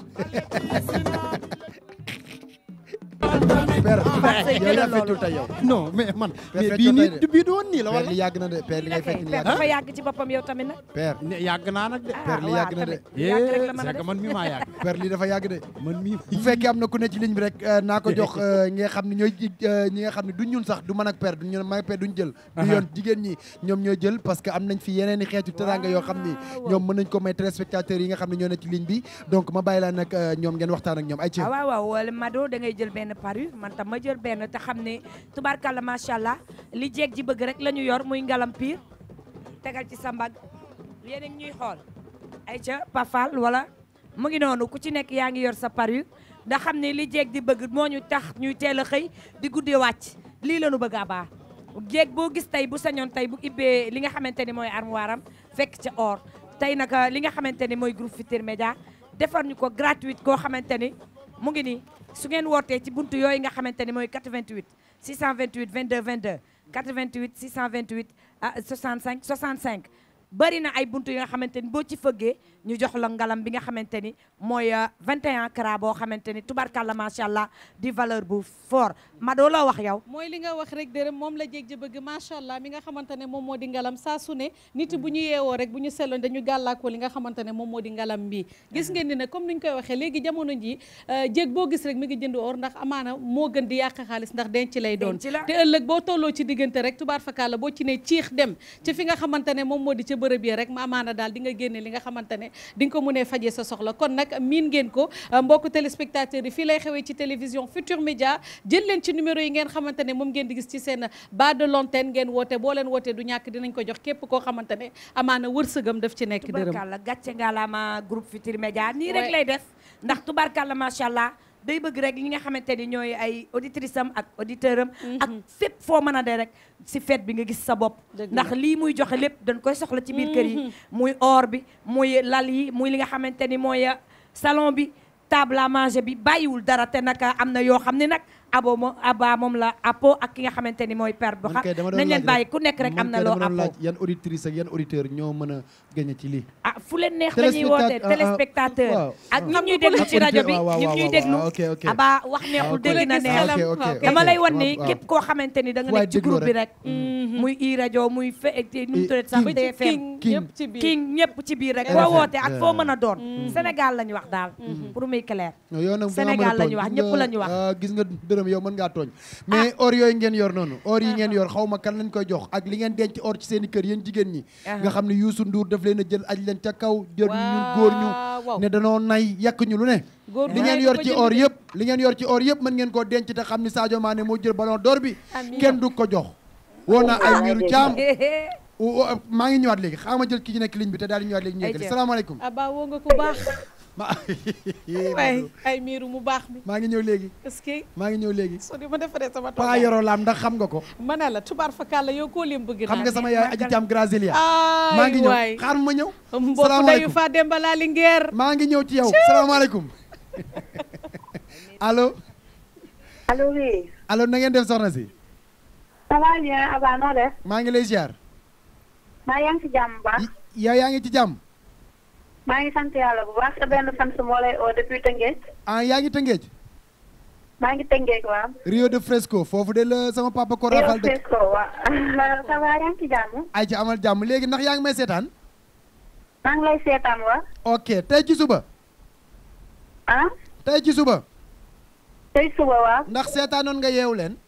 S1: <laughs> yaa feccul tey yow non mais man mais bii nii bii du woon nii la wala li yàgg na de père li ngay fekk nii dafa
S2: yàgg ci boppam yow tamit nag père yàgg naa nag de père li yàgg na de
S1: yàgg man mi maa yàgg père li dafa yàgg de man mi bu fekkee am na ku ne ci ligne bi rek naa ko jox ñi nga xam ne ñooy ñi nga xam ne duñ ñun sax du man ak père duñ ñun may père duñ jël du yoon jigéen ñi ñoom ñoo jël parce que am nañ fi yeneen i xeetu teraanga yoo xam ni ñoom mën nañ ko may téléspectateurs yi nga xam ne ñoo ne ci ligne bi donc ma bàyyi laa nag ñoom ngeen waxtaan ak ñoom ay ci waaw waaw
S2: wala Mado da ngay jël benn paru tam ma jël benn te xam ne tubaarkàlla macha allah li jeeg ji bëgg rek la ñu yor muy ngalam piir tegal ci sa mbag yéen ñuy xool ay ca pafal wala mu ngi noonu ku ci nekk yaa ngi yor sa parure da xam ne li jeeg di bëgg moo ñu tax ñuy teel a xëy di guddi wàcc lii la ñu bëgg abaa baax jeeg boo gis tey bu sañoon tey bu ibbee li nga xamante ni mooy armoire fekk ca or tey nag li nga xamante ni mooy groupe Futurs Médias defar ñu ko gratuite koo xamante ni mu ngi nii su ngeen wootee ci buntu yooyu nga xamante ne mooy 88 628 22 22 88 628 65 65 bëri na ay buntu yi nga xamante ne boo ci fëggee ñu jox la ngalam bi nga xamante ni mooy 21 euh, carats boo xamante ni tubarkalla macha allah di valeur bu foor fort Mado loo wax yow.
S3: mooy li nga wax rek dërëm moom la jéeg ji macha allah mi nga xamante ne moom moo di ngalam saa su ne nit bu ñu yeewoo rek bu ñu seetloon dañu gàllaakoo li nga xamante ne moom moo bi gis ngeen ni ne comme ni ñu koy waxee léegi jamono ji euh, jéeg boo gis rek mi ngi jënd or ndax amaana moo gën di yàq xaalis ndax denci lay doon te ëllëg boo tolloo ci diggante rek tubaar fakkaala boo ci ne ciix dem ci fi nga xamante ne moom moo di ca bërëb yi rek ma amaana daal dinga nga génne li nga xamante ne ne di ko mënee fajee sa soxla kon nag miin ngeen ko euh, mbokku téléspectateurs yi fii lay xewee ci télévision Futur Média jël leen ci numéro yi ngeen xamante ne moom ngeen di gis ci seen bas de l'antenne ngeen woote boo leen du ñàkk dinañ ko jox képp koo xamante ne amaana wërsëgam daf ci nekk dërëm tubarkalla nga la groupe Futur Média nii rek lay def ndax tubarkalla macha allah
S2: day bëgg rek li nga xamante ni ñooy ay auditrice am ak auditeur am mhm. ak fépp foo mën a de rek si fête bi nga gis sa bopp ndax lii muy joxe lépp dañ koy soxla ci biir kër yi mhm. muy or bi muy lal yi muy li nga xamante ni mooy salon bi table à manger bi bàyyiwul dara te nag am na yoo xam ne nag abo moom aba moom la apo ak ki nga xamante ni mooy père bu xam nañ leen bàyyi ku nekk rek am na loo apo laaj
S1: yan auditrice ak yan auditeur ñoo mën a gagné ci lii
S2: ah fu leen neex dañuy woote ah, ah, téléspectateur ak ah, ñuy déglu ci rajo bi ñi ñuy déglu aba wax neexul dégg na neex dama lay wan ni képp koo xamante ni da nga nekk ci groupe bi rek mm-hmm. muy i rajo muy fe eh, nu mu tuddee sax TFM king ñëpp ci biir rek koo woote ak foo mën a doon mm-hmm. Sénégal la ñu wax daal mm-hmm. pour muy clair
S1: Sénégal la ñu wax ñëpp la ñu wax gis dërëm yow mën ngaa tooñ mais ah. or yooyu ngeen yor noonu or yi ah. ngeen yor xaw ma kan lañ koy jox ak li ngeen denc or ci seen i kër yéen jigéen ñi ah. nga xam ne Youssou Ndour daf leen a jël aj leen ca kaw jël ñu góor ñu ne danoo nay yàq ñu lu ne li ngeen yor ci or yëpp li ngeen yor ci or yëpp mën ngeen koo denc te xam ne ma Mané moo jël ballon d'or bi kenn du ko jox woo na ay miiru caam <laughs> maa ngi ñëwaat léegi xaaral ma jël ki ci nekk ligne bi te daal di ñëwaat léegi ñu yegg salaamaaleykum ma <laughs> waay
S3: ay miiru mu baax maa ngi ñëw léegi parce que maa ngi ñëw léegi so di ma defaree sama tool paa yoroo laam ndax xam nga ko ma ne la tubaar fakàlla yow koo leen bëgg naa xam nga sama yaay a jaam Brasilia maa ngi ñëw xaar ma ñëw mbokk dayu
S1: fa demba laa li ngeer maa ngi ñëw ci yow salaamaaleykum <laughs> allo alo oui allo na ngeen def soxna si
S4: maa ngi lay ziar maa yaa ngi ci jàmm ba yow yaa ngi ci jàmm maa ngi sant yàlla bu baax sa benn fan su moo lay oo depuis Tëngéej. ah yaa ngi Tëngéej. maa ngi Tëngéej waaw.
S1: Rio de Fresco foofu de la sama papa. ko rafal de Rio de Fresco waaw. <laughs>
S4: ça va yaa ngi ci jàmm.
S1: ay ci amal jàmm léegi ndax yaa ngi may maa ngi lay seetaan ah? tey ci suba. tey ci suba.
S4: tey suba waaw. ndax seetaanoon nga yeewu leen.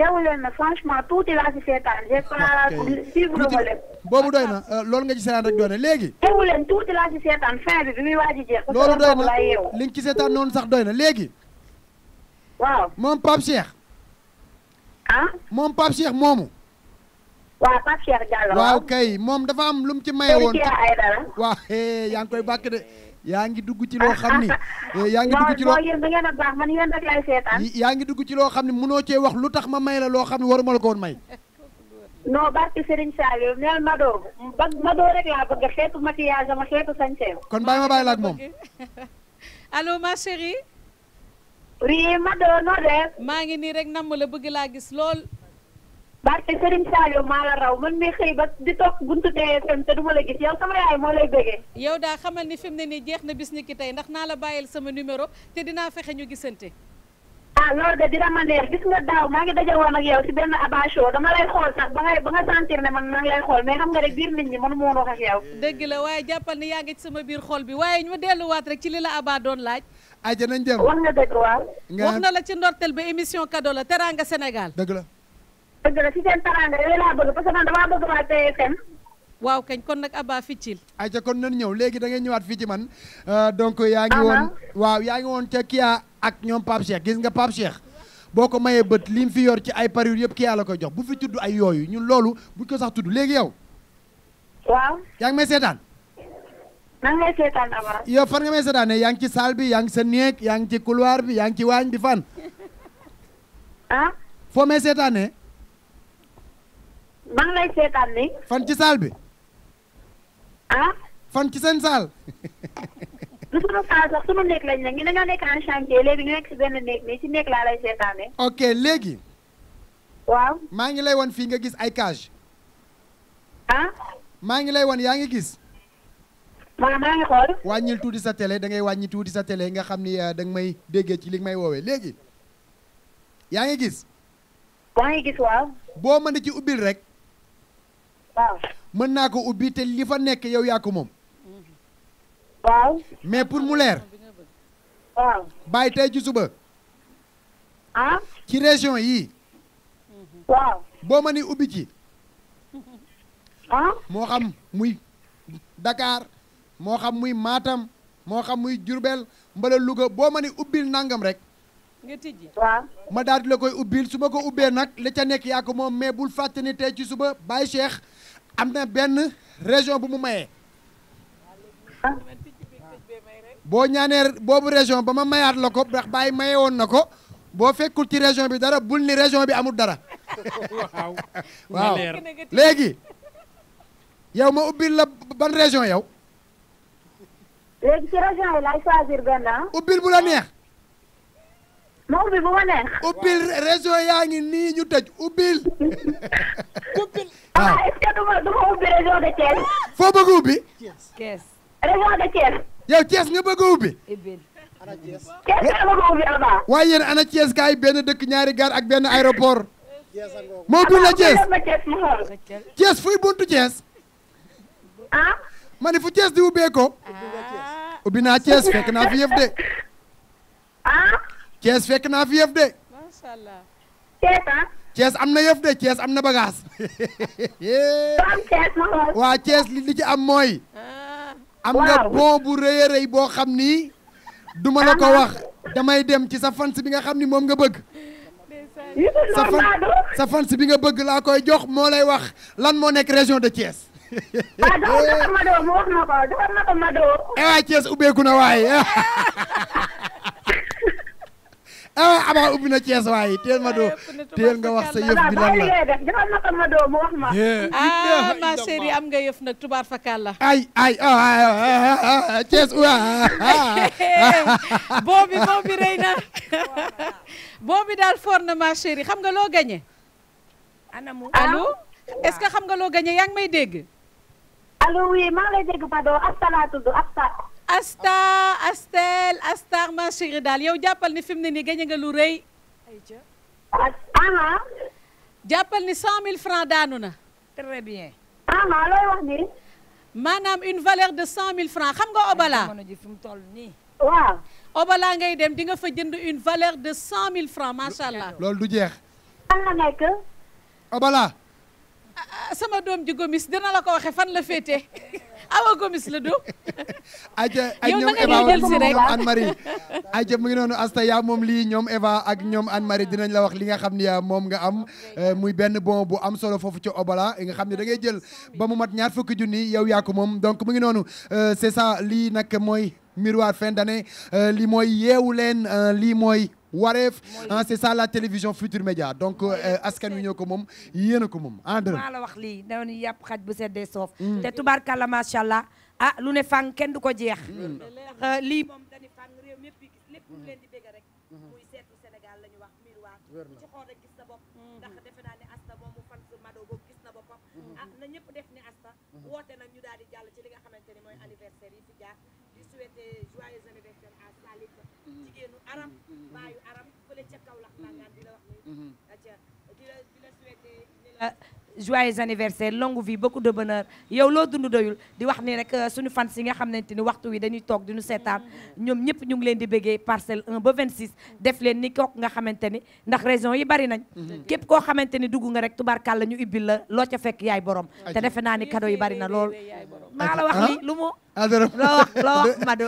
S4: yeewu leen na franchement tuuti laa si seetaan. j'ai pas suivre ma lépp. boobu doy na euh, loolu nga ci seetaan rek doy na léegi. teewu leen laa ci seetaan fin bi bi muy waaj a jeex. loolu doy na
S1: li nga ci seetaan noonu sax doy na léegi. waaw moom Pape Cheikh. ah moom Pape Cheikh moomu. waaw Pape Cheikh kay moom dafa am lu mu ci maye woon. waaw yaa ngi koy bàkk de. yaa ngi dugg ci loo xam ni. <laughs> yaa ngi dugg ci loo yéen da ngeen
S4: a baax man yéen yaa
S1: ngi dugg ci loo xam ne mënoo cee wax lu tax ma may la loo xam ne waruma la ko woon may.
S4: non barke Serigne Saliou neel Mado ba Mado rek laa bëgg xeetu maquillage sama xeetu sañseem. kon bàyyi ma bàyyi la ak moom. <laughs> allo
S3: ma chérie. oui Mado noo def. maa ngi nii rek namm la bëgg laa gis lool. barke Serigne Saliou maa la raw man mi xëy ba di toog buntu TFM te du ma la gis yow sama yaay moo lay bëggee. yow daa xamal ni fi mu jeex na bis ni ki tey ndax naa la bàyyil sama numéro te dinaa fexe ñu gisante.
S4: ah loolu de dina ma neex gis nga daaw maa ngi daje woon ak yow si benn abasho
S3: dama lay xool sax ba nga ba ne man maa lay xool mais xam nga rek biir nit ñi mënu woon wax ak yow. dëgg la waaye jàppal ni yaa ngi ci sama biir xool bi waaye ñu delluwaat rek ci li la Aba doon laaj. aja nañ dem wax nga dëgg waaw. na la ci ndorteel ba émission la Teranga la. dëgg la si seen Teranga yooyu laa bëgg parce que man damaa bëgg waa TFM. waaw kañ kon nag Abba ficcil
S1: aja kon nañ ñëw léegi da ngay ñëwaat fii ci man euh, donc yaa ngi ak ñoom Pape Cheikh gis nga Pape Cheikh boo ko mayee bët li fi yor ci ay parure yëpp ki yàlla koy jox bu fi tudd ay yooyu ñun loolu buñ ko sax tudd léegi yow. waaw. yaa ngi may seetaan. nan ngay seetaan fan nga may seetaan yaa ngi ci salle bi yaa ngi sa néeg yaa ngi ci couloir bi yaa ngi ci waañ bi fan. Ah? foo may seetaan ne. fan ci salle bi.
S4: ah. fan ci seen salle. <laughs> du sunu saal sax sunu néeg lañ ne ñu nekk en chantier léegi ñu nekk si benn néeg mais si
S1: ok léegi.
S4: waaw. maa
S1: ngi lay wan fii nga gis ay cage. ah. maa ngi lay wan yaa ngi gis. waaw maa ngi xool. wàññil tuuti sa télé da ngay wàññi tuuti sa télé nga xam ni euh, da nga may déggee ci li nga may woowee léegi. yaa ngi gis. maa ngi gis waaw. boo mën ci ubbil rek. waaw. naa ko ubbi te li fa nekk yow yaa ko moom. waaw. mais pour mu leer. waaw. bàyyi tey ci suba. ah. ci région yii. waaw. boo ma ni ubbi ci. ah. moo xam muy Dakar moo xam muy maatam moo xam muy Diourbel mbala Louga boo ma ni ubbil nangam rek. nga ma daal di la koy ubbil su ma ko ubbee nag la ca nekk yaa ko moom mais bul fàtte ni tey ci suba bay Cheikh am na benn région bu mu mayee. Ah? boo ñaanee boobu région ba ma mayaat la ko ndax bàyyi maye woon na ko boo fekkul ci région bi dara bul ni région bi amul dara
S4: waaw <laughs>
S1: léegi yow ma ubbil la ban région
S4: yow léegi ci région yi ah. ubbil bu la neex ubbil région yaa ngi nii ñu tëj ubbil <laughs> <laughs> ah, foo bëgg ubbi yow Thiès nga bëgg a ubbi. Thiès nga
S1: ana Thiès kaay benn dëkk ñaari gaar ak benn aéroport.
S4: moo bu la Thiès
S1: Thiès fuy buntu Thiès. ah. ne fu Thiès di ubbee ko. Ah. ubbi naa Thiès fekk naa fi yëf de. ah. ah? am na yëf de Thiès am na bagage. <laughs> waa Thiès li ci am mooy. Ah. am nga pont bu rëy rëy boo xam ni duma ma la ko wax damay dem ci sa fans bi nga xam ni moom nga bëgg sa fan fans bi nga bëgg laa koy jox moo lay wax lan moo nekk région de Thiès
S4: <laughs> waaw joxoon
S1: na wax na ko joxoon eh ubbeeku na waaye <laughs>
S3: ah Aba ubbi na Thiès waaye teel ma doo teel nga wax sa yëf bi la joxal ma am nga yëf nag tubaar fakalla ay ay Thiès wa boobi boobi rëy na boobi daal for na ma xam nga loo gagné anamu allo est-ce que xam nga loo gagné yaa ngi may dégg asta astel astar ma daal yow jàppal ni fi mu nii gañe nga lu rëy ama jàppal ni cent mille francs daanu na bien ama looy wax ni maanaam une valeur de cent mille francs xam nga obala waaw obala ngay dem di nga fa jënd une valeur de cent mille francs macha allah loolu du jeex obala ah, ah, sama doom ji gomis dina la ko waxe fan la féete <laughs> awa gomis la doo. <laughs>
S1: ayca ak ñoom Eva <laughs> ñoom mu ngi noonu Asta moom lii ñoom Eva ak ñoom Anne dinañ la wax li nga xam ni moom nga am euh, muy benn bon bu am solo foofu ci Obala nga xam ne da ngay jël ba mu mat ñaar fukki junni yow yaa ko moom donc mu ngi noonu euh, c'est ça lii nag mooy miroir fin d'année euh, lii mooy yeewu leen lii mooy. wareef ah c'est ça la télévision Futur Média donc euh, askan wi ñoo ko moom yéen a ko moom ah, maa la
S2: wax lii dañu yàpp xaj bu seddee soof mm. te tubaarkàlla macha allah ah lu ne fang kenn du ko jeex mm. Euh, mm. lii moom dañu
S4: fang réew mépp mm-hmm. Mm-hmm. la
S2: ñu gis sa bopp mm-hmm. ndax defe naa ne asta moomu fan mado boobu gis na boppam ah na ñëpp def ni asta woote nag ñu daal di jàll ci li nga xamante ni mooy anniversaire yi fi jaar di souhaiter joyeux anniversaire à Salik jigéenu aram Mhm. joyeux anniversaire longue vie beaucoup de bonheur yow loo dund doyul di wax ni rek euh, suñu fans yi nga xamante ni waxtu wi dañuy toog di ñu seetaan ñoom ñëpp ñu ngi leen di bëggee parcelle 1 ba 26 def leen ni kook nga xamante ni ndax région yi bari nañ mhm. képp koo xamante ni dugg nga rek tubaarkàlla ñu ibbil la loo ca fekk yaay borom te defe naa ni cadeau yi bari na lool maa la ah, wax ah? ni
S3: lu mu Adama loo wax loo wax <laughs> Mado.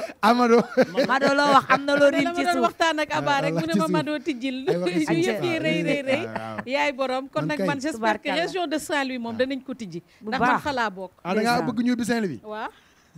S3: Mado loo wax am na loo riil ci suuf waxtaan ak Aba ah, rek mu ne ma Mado tijjil. ñu <laughs> yëf yi rëy rëy ah, yaay borom kon nag man j'espère que région de Saint-Louis moom de ah. danañ ko tijji. ndax man fa laa bokk. ah da bëgg
S1: ñuy bi Saint-Louis.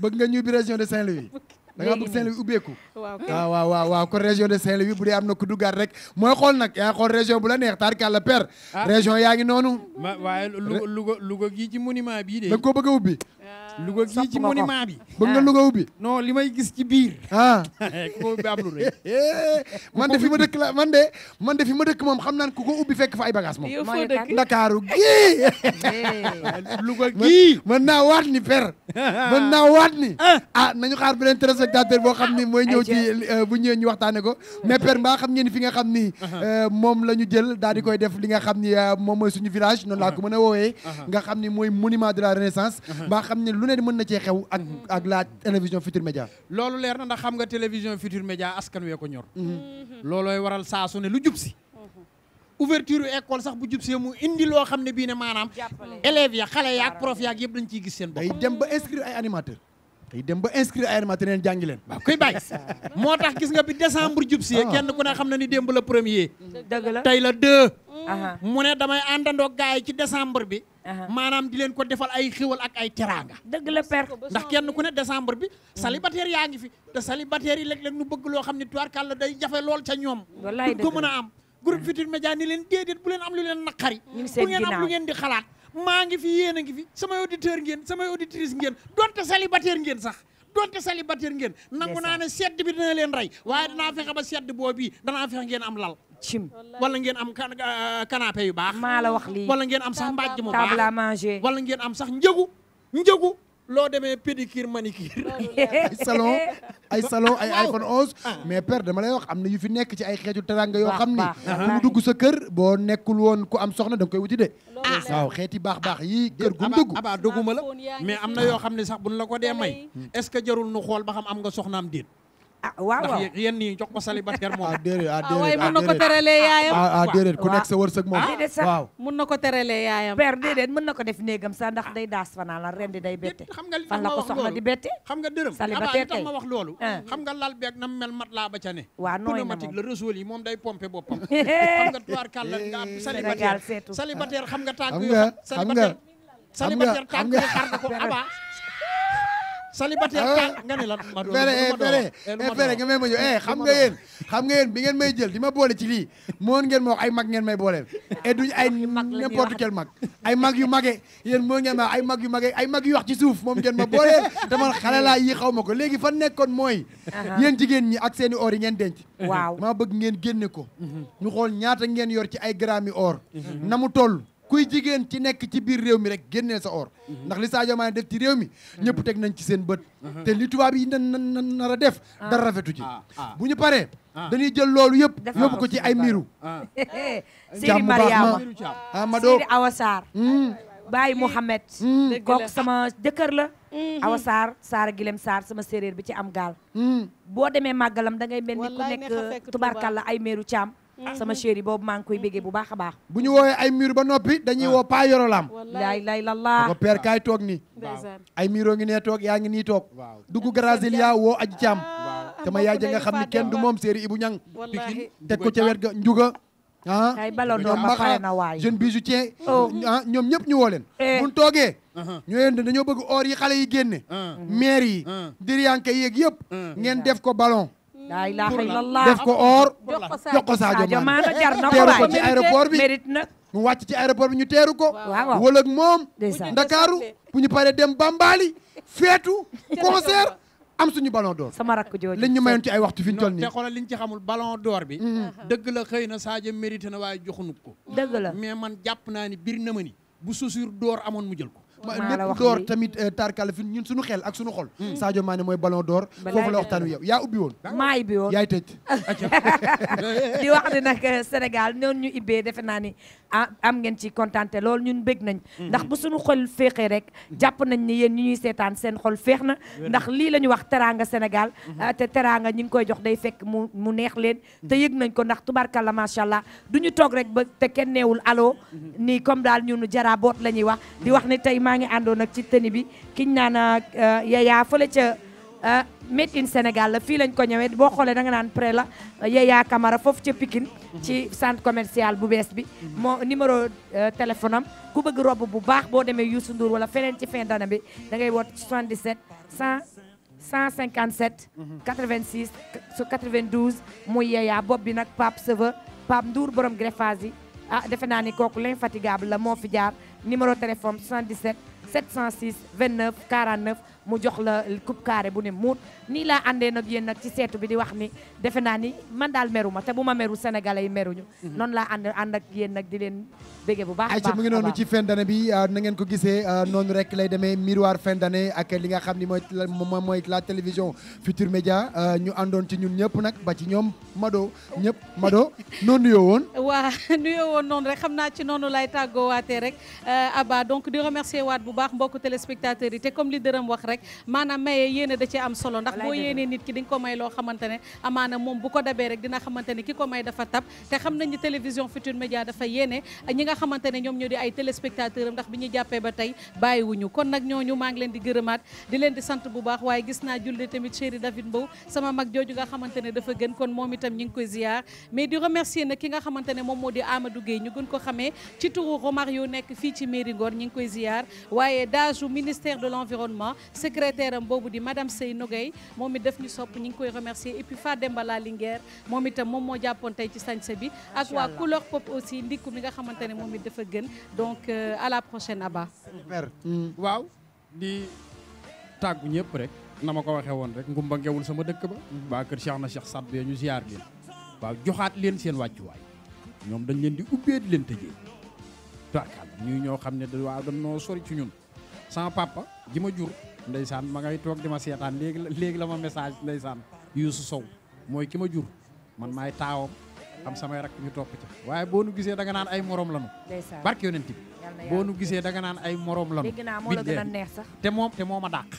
S1: bëgg nga ñuy bi région de Saint-Louis. <laughs> da ngaa bëgg Saint-Louis ubbeeku. waaw waaw waaw waaw kon région de Saint-Louis bu dee am na ku duggaat rek mooy xool nag yaa xool région bu la neex tarkalla per. région yaa ngi noonu. ma waaye Louga Louga gii ci monument bii de. da nga bëgg a Louga gii ci monument bi. bëgg nga ah. Louga ubbi. non li may gis ci biir. ah <laughs> ku ko ubbi am lu rëy. <laughs> man de fi ma dëkk la man de man de fi ma dëkk moom xam naan ku ko ubbi fekk fa ay bagages moom. maa ngi Ndakaaru gii. <laughs> Louga gii. mën naa waat ni per. mën naa waat ni. Ah. ah nañu xaar beneen téléspectateur boo xam ni mooy ñëw ci euh, bu ñëwee ñu waxtaanee ko. mais per mbaa xam ngeen ni fi nga xam ni. Uh-huh. Euh, moom la ñu jël daal di koy def li nga xam ni euh, moom mooy suñu village noonu laa uh-huh. ko mën a woowee. Uh-huh. nga xam ni mooy monument de la renaissance. mbaa xam ni lu ne mën na cee xew ak mhm. ak la télévision Futur Média loolu leer na ndax xam nga télévision Futur Média askan wee ko ñor mhm. loolooy waral saasu ne lu jub si mhm. ouverture yu école sax bu jubsi see mu indi loo xam ne bii ne maanaam élèves ya xale yaak prof yaak yëpp dañ ciy gis seen bopp day dem ba inscrire ay animateur day dem ba inscrire ay animateur neen jàngi leen waaw koy bàyyi <laughs> moo tax gis nga bi décembre jub see ah. kenn ku ne xam na ni démb la premier dëgg la tey la deux mu ne damay àndandoo gaay ci décembre bi maanaam di leen ko defal ay xéwal ak ay teraanga dëgg la père ndax kenn ku ne décembre bi célibataire yaa ngi fi te célibataire yi léeg-léeg nu bëgg loo xam ne tubaarkàlla day jafe lool ca ñoom duñ ko mën a am groupe Futurs Médias ni leen déedéet bu leen am lu leen naqari bu ngeen am lu ngeen di xalaat maa ngi fi yéen ngi fi samay auditeur ngeen samay auditrice ngeen donte célibataire ngeen sax donte célibataire ngeen nangu naa ne sedd bi dina leen rey waaye danaa fexe ba sedd boobu danaa fexe ngeen am lal cim wala ngeen am ah, canapé yu baax maa la wax lii wala ngeen am sax mbàjj mu baax table wala ngeen am sax njëgu njëgu loo demee pédicure manicure <laughs> ay salon ay salon ay iPhone 11 ah. mais per dama lay wax am na yu fi nekk ci ay xeetu teranga yoo xam ni bu mu dugg sa kër boo nekkul woon ku am soxna da nga koy wuti de waaw xeeti baax baax yi kër gu mu dugg abaa doguma la mais am na yoo xam ne sax bu buñ la ko dee may est que jarul nu xool ba xam am nga soxnaam déet ah waaw waaw ndax jox ko célibataire moom. ah déedéet ah, ah déedéet waaye ah, mun na ko teralee yaayam. ah, ah sa
S3: wërsëg moom. déedéet waaw mun na ko teralee
S2: yaayam. père déedéet mën na ko def néegam sax ndax day daas fanaan la ren di day bette. fan la ko soxla di bette. xam nga dërëm célibataire tey ma wax
S1: loolu. xam nga lal beeg nam mel mat laa ba ca ne. waaw nooy ma moom pneumatique la réseau yi moom day pompe boppam. <laughs> xam nga tuwaar kàlla nga am célibataire célibataire xam nga tànk yoo xam nga
S4: célibataire yoo xar nga ko abaa
S1: célibataire tàng ah. nga ne lan ma fere eh, eh, eh, nga may ma ñëw xam nga yéen xam nga yen bi ngeen may jël di ma boole ci lii moon ngeen ma wax ay mag ngeen may booleel et duñ ay n'importe quel mag ay mag yu mage yéen moon ngeen ma ay mag yu mage ay mag yu wax ci suuf moom ngeen ma booleel te man <laughs> xale laa yi xaw ma ko léegi fa nekkoon mooy yéen jigéen ñi ak seen i or yi ngeen denc waaw maa bëgg ngeen génne ko mhm. ñu xool ñaata ngeen yor ci ay grammes yi or mhm. na mu toll kuy jigéen ci nekk ci biir réew mi rek génneel sa or mhm. ndax li Sadio Mané def ci réew mi mhm. ñëpp teg nañ ci seen bët mhm. te li tubaab yi na na nar a def ah. dara rafetu ci ah, ah. bu ñu paree dañuy jël
S2: loolu yëpp
S1: yóbbu ko ci ay miiru <laughs> eh, Sidi Mariama
S2: Amado Sidi Awa Sarr mm. Baye Mouhamed mm. sama jëkkër la mm-hmm. Awa Sarr Sarr saar sama séeréer bi ci am gaal mm. boo demee màggalam da ngay mel ni ku nekk tubarkalla ay meeru Thiam sama chéri boobu maa ngi koy béggee bu a baax
S1: bu ñu woowee ay miir ba noppi dañuy ah. woo paa yorolaam
S2: laay lay lallaa ko père
S1: toog nii ay miiroo ngi ne toog yaa ngi nii toog dugg Brasil yaa woo aji caam ah, sama yaay ja nga xam ne kenn du moom séeri Ibou Niang
S3: pikin teg ko
S1: ca wet ga njuga ah kay ballon d'or ba na waay jeune bijoutier oh. ah ñoom ñëpp ñu woo bu eh. buñ toogee uh-huh. ñoo leen dañoo bëgg or yi xale yi génne uh-huh. maire yi uh-huh. diriyanke yeeg yëpp ngeen def ko ballon la ilaha illallah def ko or jox ko Sadio Mané teeru ko ci aéroport bi mu wàcc ci aéroport bi ñu teeru
S4: ko wala ak
S1: moom Ndakaaru bu ñu paree dem Bambali feetu concert am suñu ballon d'or sama rakk jooju liñ ñu ci ay waxtu fi ñu toll nii te xoolal liñ ci xamul ballon d'or bi mm-hmm. dëgg la xëy na Sadio mérité na waaye joxunu ko dëgg mais man jàpp naa ni biir na ma ni bu chaussure d'or amoon mu jël ko lépp door tamit euh, tarkal fi ñun suñu xel ak suñu xol hmm. Sadio Mané mooy ballon door foofu la waxtaan wi yaa ubbi woon
S2: maa ubbi woon yaay tëj <laughs> di wax ni nag euh, Sénégal noonu ñu ibbee defe naa ni ah am ngeen ci kontaante loolu ñun bëgg nañ mhm. ndax bu suñu xol féexee rek jàpp nañ ni yéen ñi ñuy seetaan seen xol féex na ndax lii la ñu wax teraanga Sénégal mhm. ah, te teraanga ñi ngi koy jox day fekk mu mu neex leen te mhm. yëg nañ ko ndax tubarkala macha allah du ñu toog rek ba te kenn neewul alo nii comme daal ñunu jara boot la ñuy wax di wax ne tey maa ngi àndoon ak ci tëni bi kiñ naan ah, ah, yayaa fële ca Ah, made in Sénégal la fii lañ ko ñëwee boo xoolee danga naan pré la Yaya Camara foofu ca Pikine mhm. ci centre commercial bu bees bi mhm. moo numéro euh, téléphone am ku bëgg robb bu baax boo demee Youssou Ndour wala feneen ci fin d'année bi da ngay woot 77 100 157 86 92 muy Yaya bopp bi nag Pape Seve Pape Ndour borom greffage yi ah defe naa ni kooku l'infatigable la moo fi jaar numéro téléphone 77 706 29 49 mu jox la coupe carré bu ne muut nii la àndee nag yéen nag ci seetu bi di wax ni defe naa ni man daal meru ma te bu ma meru sénégalais yi meruñu mhm. noonu la ànd ànd ak yéen nag di leen dégg bu baax ayca mu ngi noonu ci
S1: fin d'année bi euh, na ngeen ko gisee euh, noonu rek lay demee miroir fin d'année a li nga xam ni mooy moom mooy la télévision Futur Média euh, ñu àndoon ci ñun ñëpp nag ba ci ñoom Mado ñëpp Mado <laughs> noo nuyoo woon
S3: waa <laughs> nuyoo woon noonu rek xam naa ci noonu lay tàggoo waate rek Abba donc di remercier waat bu baax mbokku maanaam maye yéene da cee am solo ndax boo yéenee nit ki di nga ko may loo xamante ne amaana moom bu ko dabee rek dina xamante ne ki ko may dafa tab te xam nañ ni télévision Futurs Médias dafa yéene ñi nga xamante ne ñoom ñoo di ay téléspectateur am ndax bi ñu jàppee ba tey bàyyiwuñu kon nag ñooñu maa ngi leen di gërëmaat di leen di sant bu baax waaye gis naa julli tamit chéri David Mbow sama mag jooju nga xamante ne dafa gën kon moom itam ñi ngi koy ziar mais di remercier na ki nga xamante ne moom moo di Amadou Gueye ñu gën ko xamee ci turu Romario nekk fii ci mairie Ngor ñi ngi koy ziar waaye daaju ministère de l'environnement secrétaire am boobu di madame Seynou Gueye moom it def ñu sopp ñu ngi koy remercier et puis Fademba la Linguère moom itam moom moo jàppoon tey ci sañse bi ak waa couleur pop aussi ndikku mi nga xamante ne moom it dafa gën donc euh, à la prochaine Aba
S1: mm. waaw di tàggu ñëpp rek na ma ko waxee woon rek ngumba ngewul sama dëkk ba waa kër Cheikh na Cheikh Sad ñu ziar leen waaw joxaat leen seen wàccuwaay ñoom dañ leen di ubbee di leen tëjee toakal ñuy ñoo xam ne da waaw dañ ci ñun sama papa ji ma jur ndeysaan ma ngay toog di ma seetaan léegi la léegi la ma message ndeysaan Youssou Sow mooy ki ma jur man maay taawam am samay rek ñu toog ca waaye boo nu gisee da nga naan ay morom lanu barke yonent bi boo nu gisee da nga naan ay morom lanu te moom te moom a dàq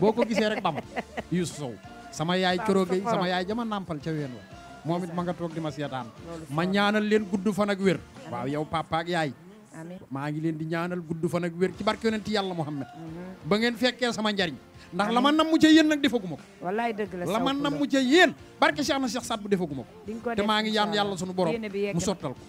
S1: boo ko gisee rek ba ma <laughs> Sow sama yaay corogey sama yaay jama nàmpal ca ween wa moom it ma nga toog di ma seetaan ma ñaanal leen gudd fan ak wér waaw yow papa yaay maa ngi leen di ñaanal gudd fa nag wér ci barke yonent yàlla Muhammad ba ngeen fekkee sama njariñ ndax la ma nam mu ca yéen nag defaguma ko
S2: wallaay dëgg la la ma nam mu
S1: ca yéen barke Cheikh na Cheikh Saad bu defaguma ko te maa ngi yaan yàlla sunu borom mu sottal ko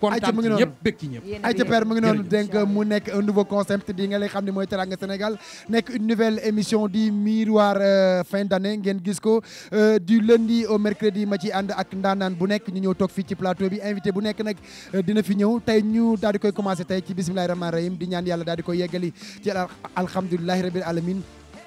S1: kontaan ci ñëpp bëgg ci ñëpp ayca mu ngi noonu dénk mu nekk un nouveau concept di nga lay xam ne mooy Teranga Sénégal nekk une nouvelle émission di miroir euh, fin d'année ngeen gis ko euh, du lundi au mercredi ma ci ànd ak ndaanaan bu nekk ñu ñëw toog fii ci plateau bi invité bu nekk nag euh, dina fi ñëw tey ñu daal koy commencé tey ci bismillahi rahmaani rahim di ñaan yàlla daal di koy yeggali ci alhamdulilahi rabil alamin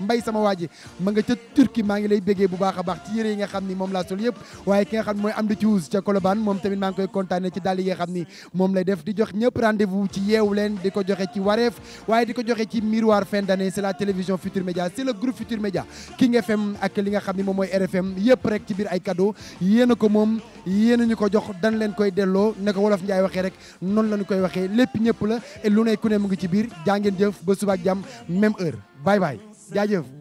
S1: mbay sama waa ji ma nga ca Turquie maa ngi lay béggee bu baax a baax ci yére yi nga xam ni moom laa sol yëpp waaye ki nga xam ne mooy am di cius ca Colobane xam ni moom lay def di jox ñëpp rendez-vous ci yeewu leen di ko joxe ci wareef waaye di ko joxe ci miroir fin d'année c'est la télévision Futur Média c'est le groupe Futur Média nga FM ak li nga xam ni moom mooy RFM yëpp rek ci biir ay cadeau yéen a ko moom yéen a ñu ko jox dan leen koy delloo ne ko wolof Njaay waxee rek noonu la ñu koy waxee lépp ñëpp la lu ne ku ne mu ngi ci biir jaa jëf ba suba ak jàmm même heure bye jaajëf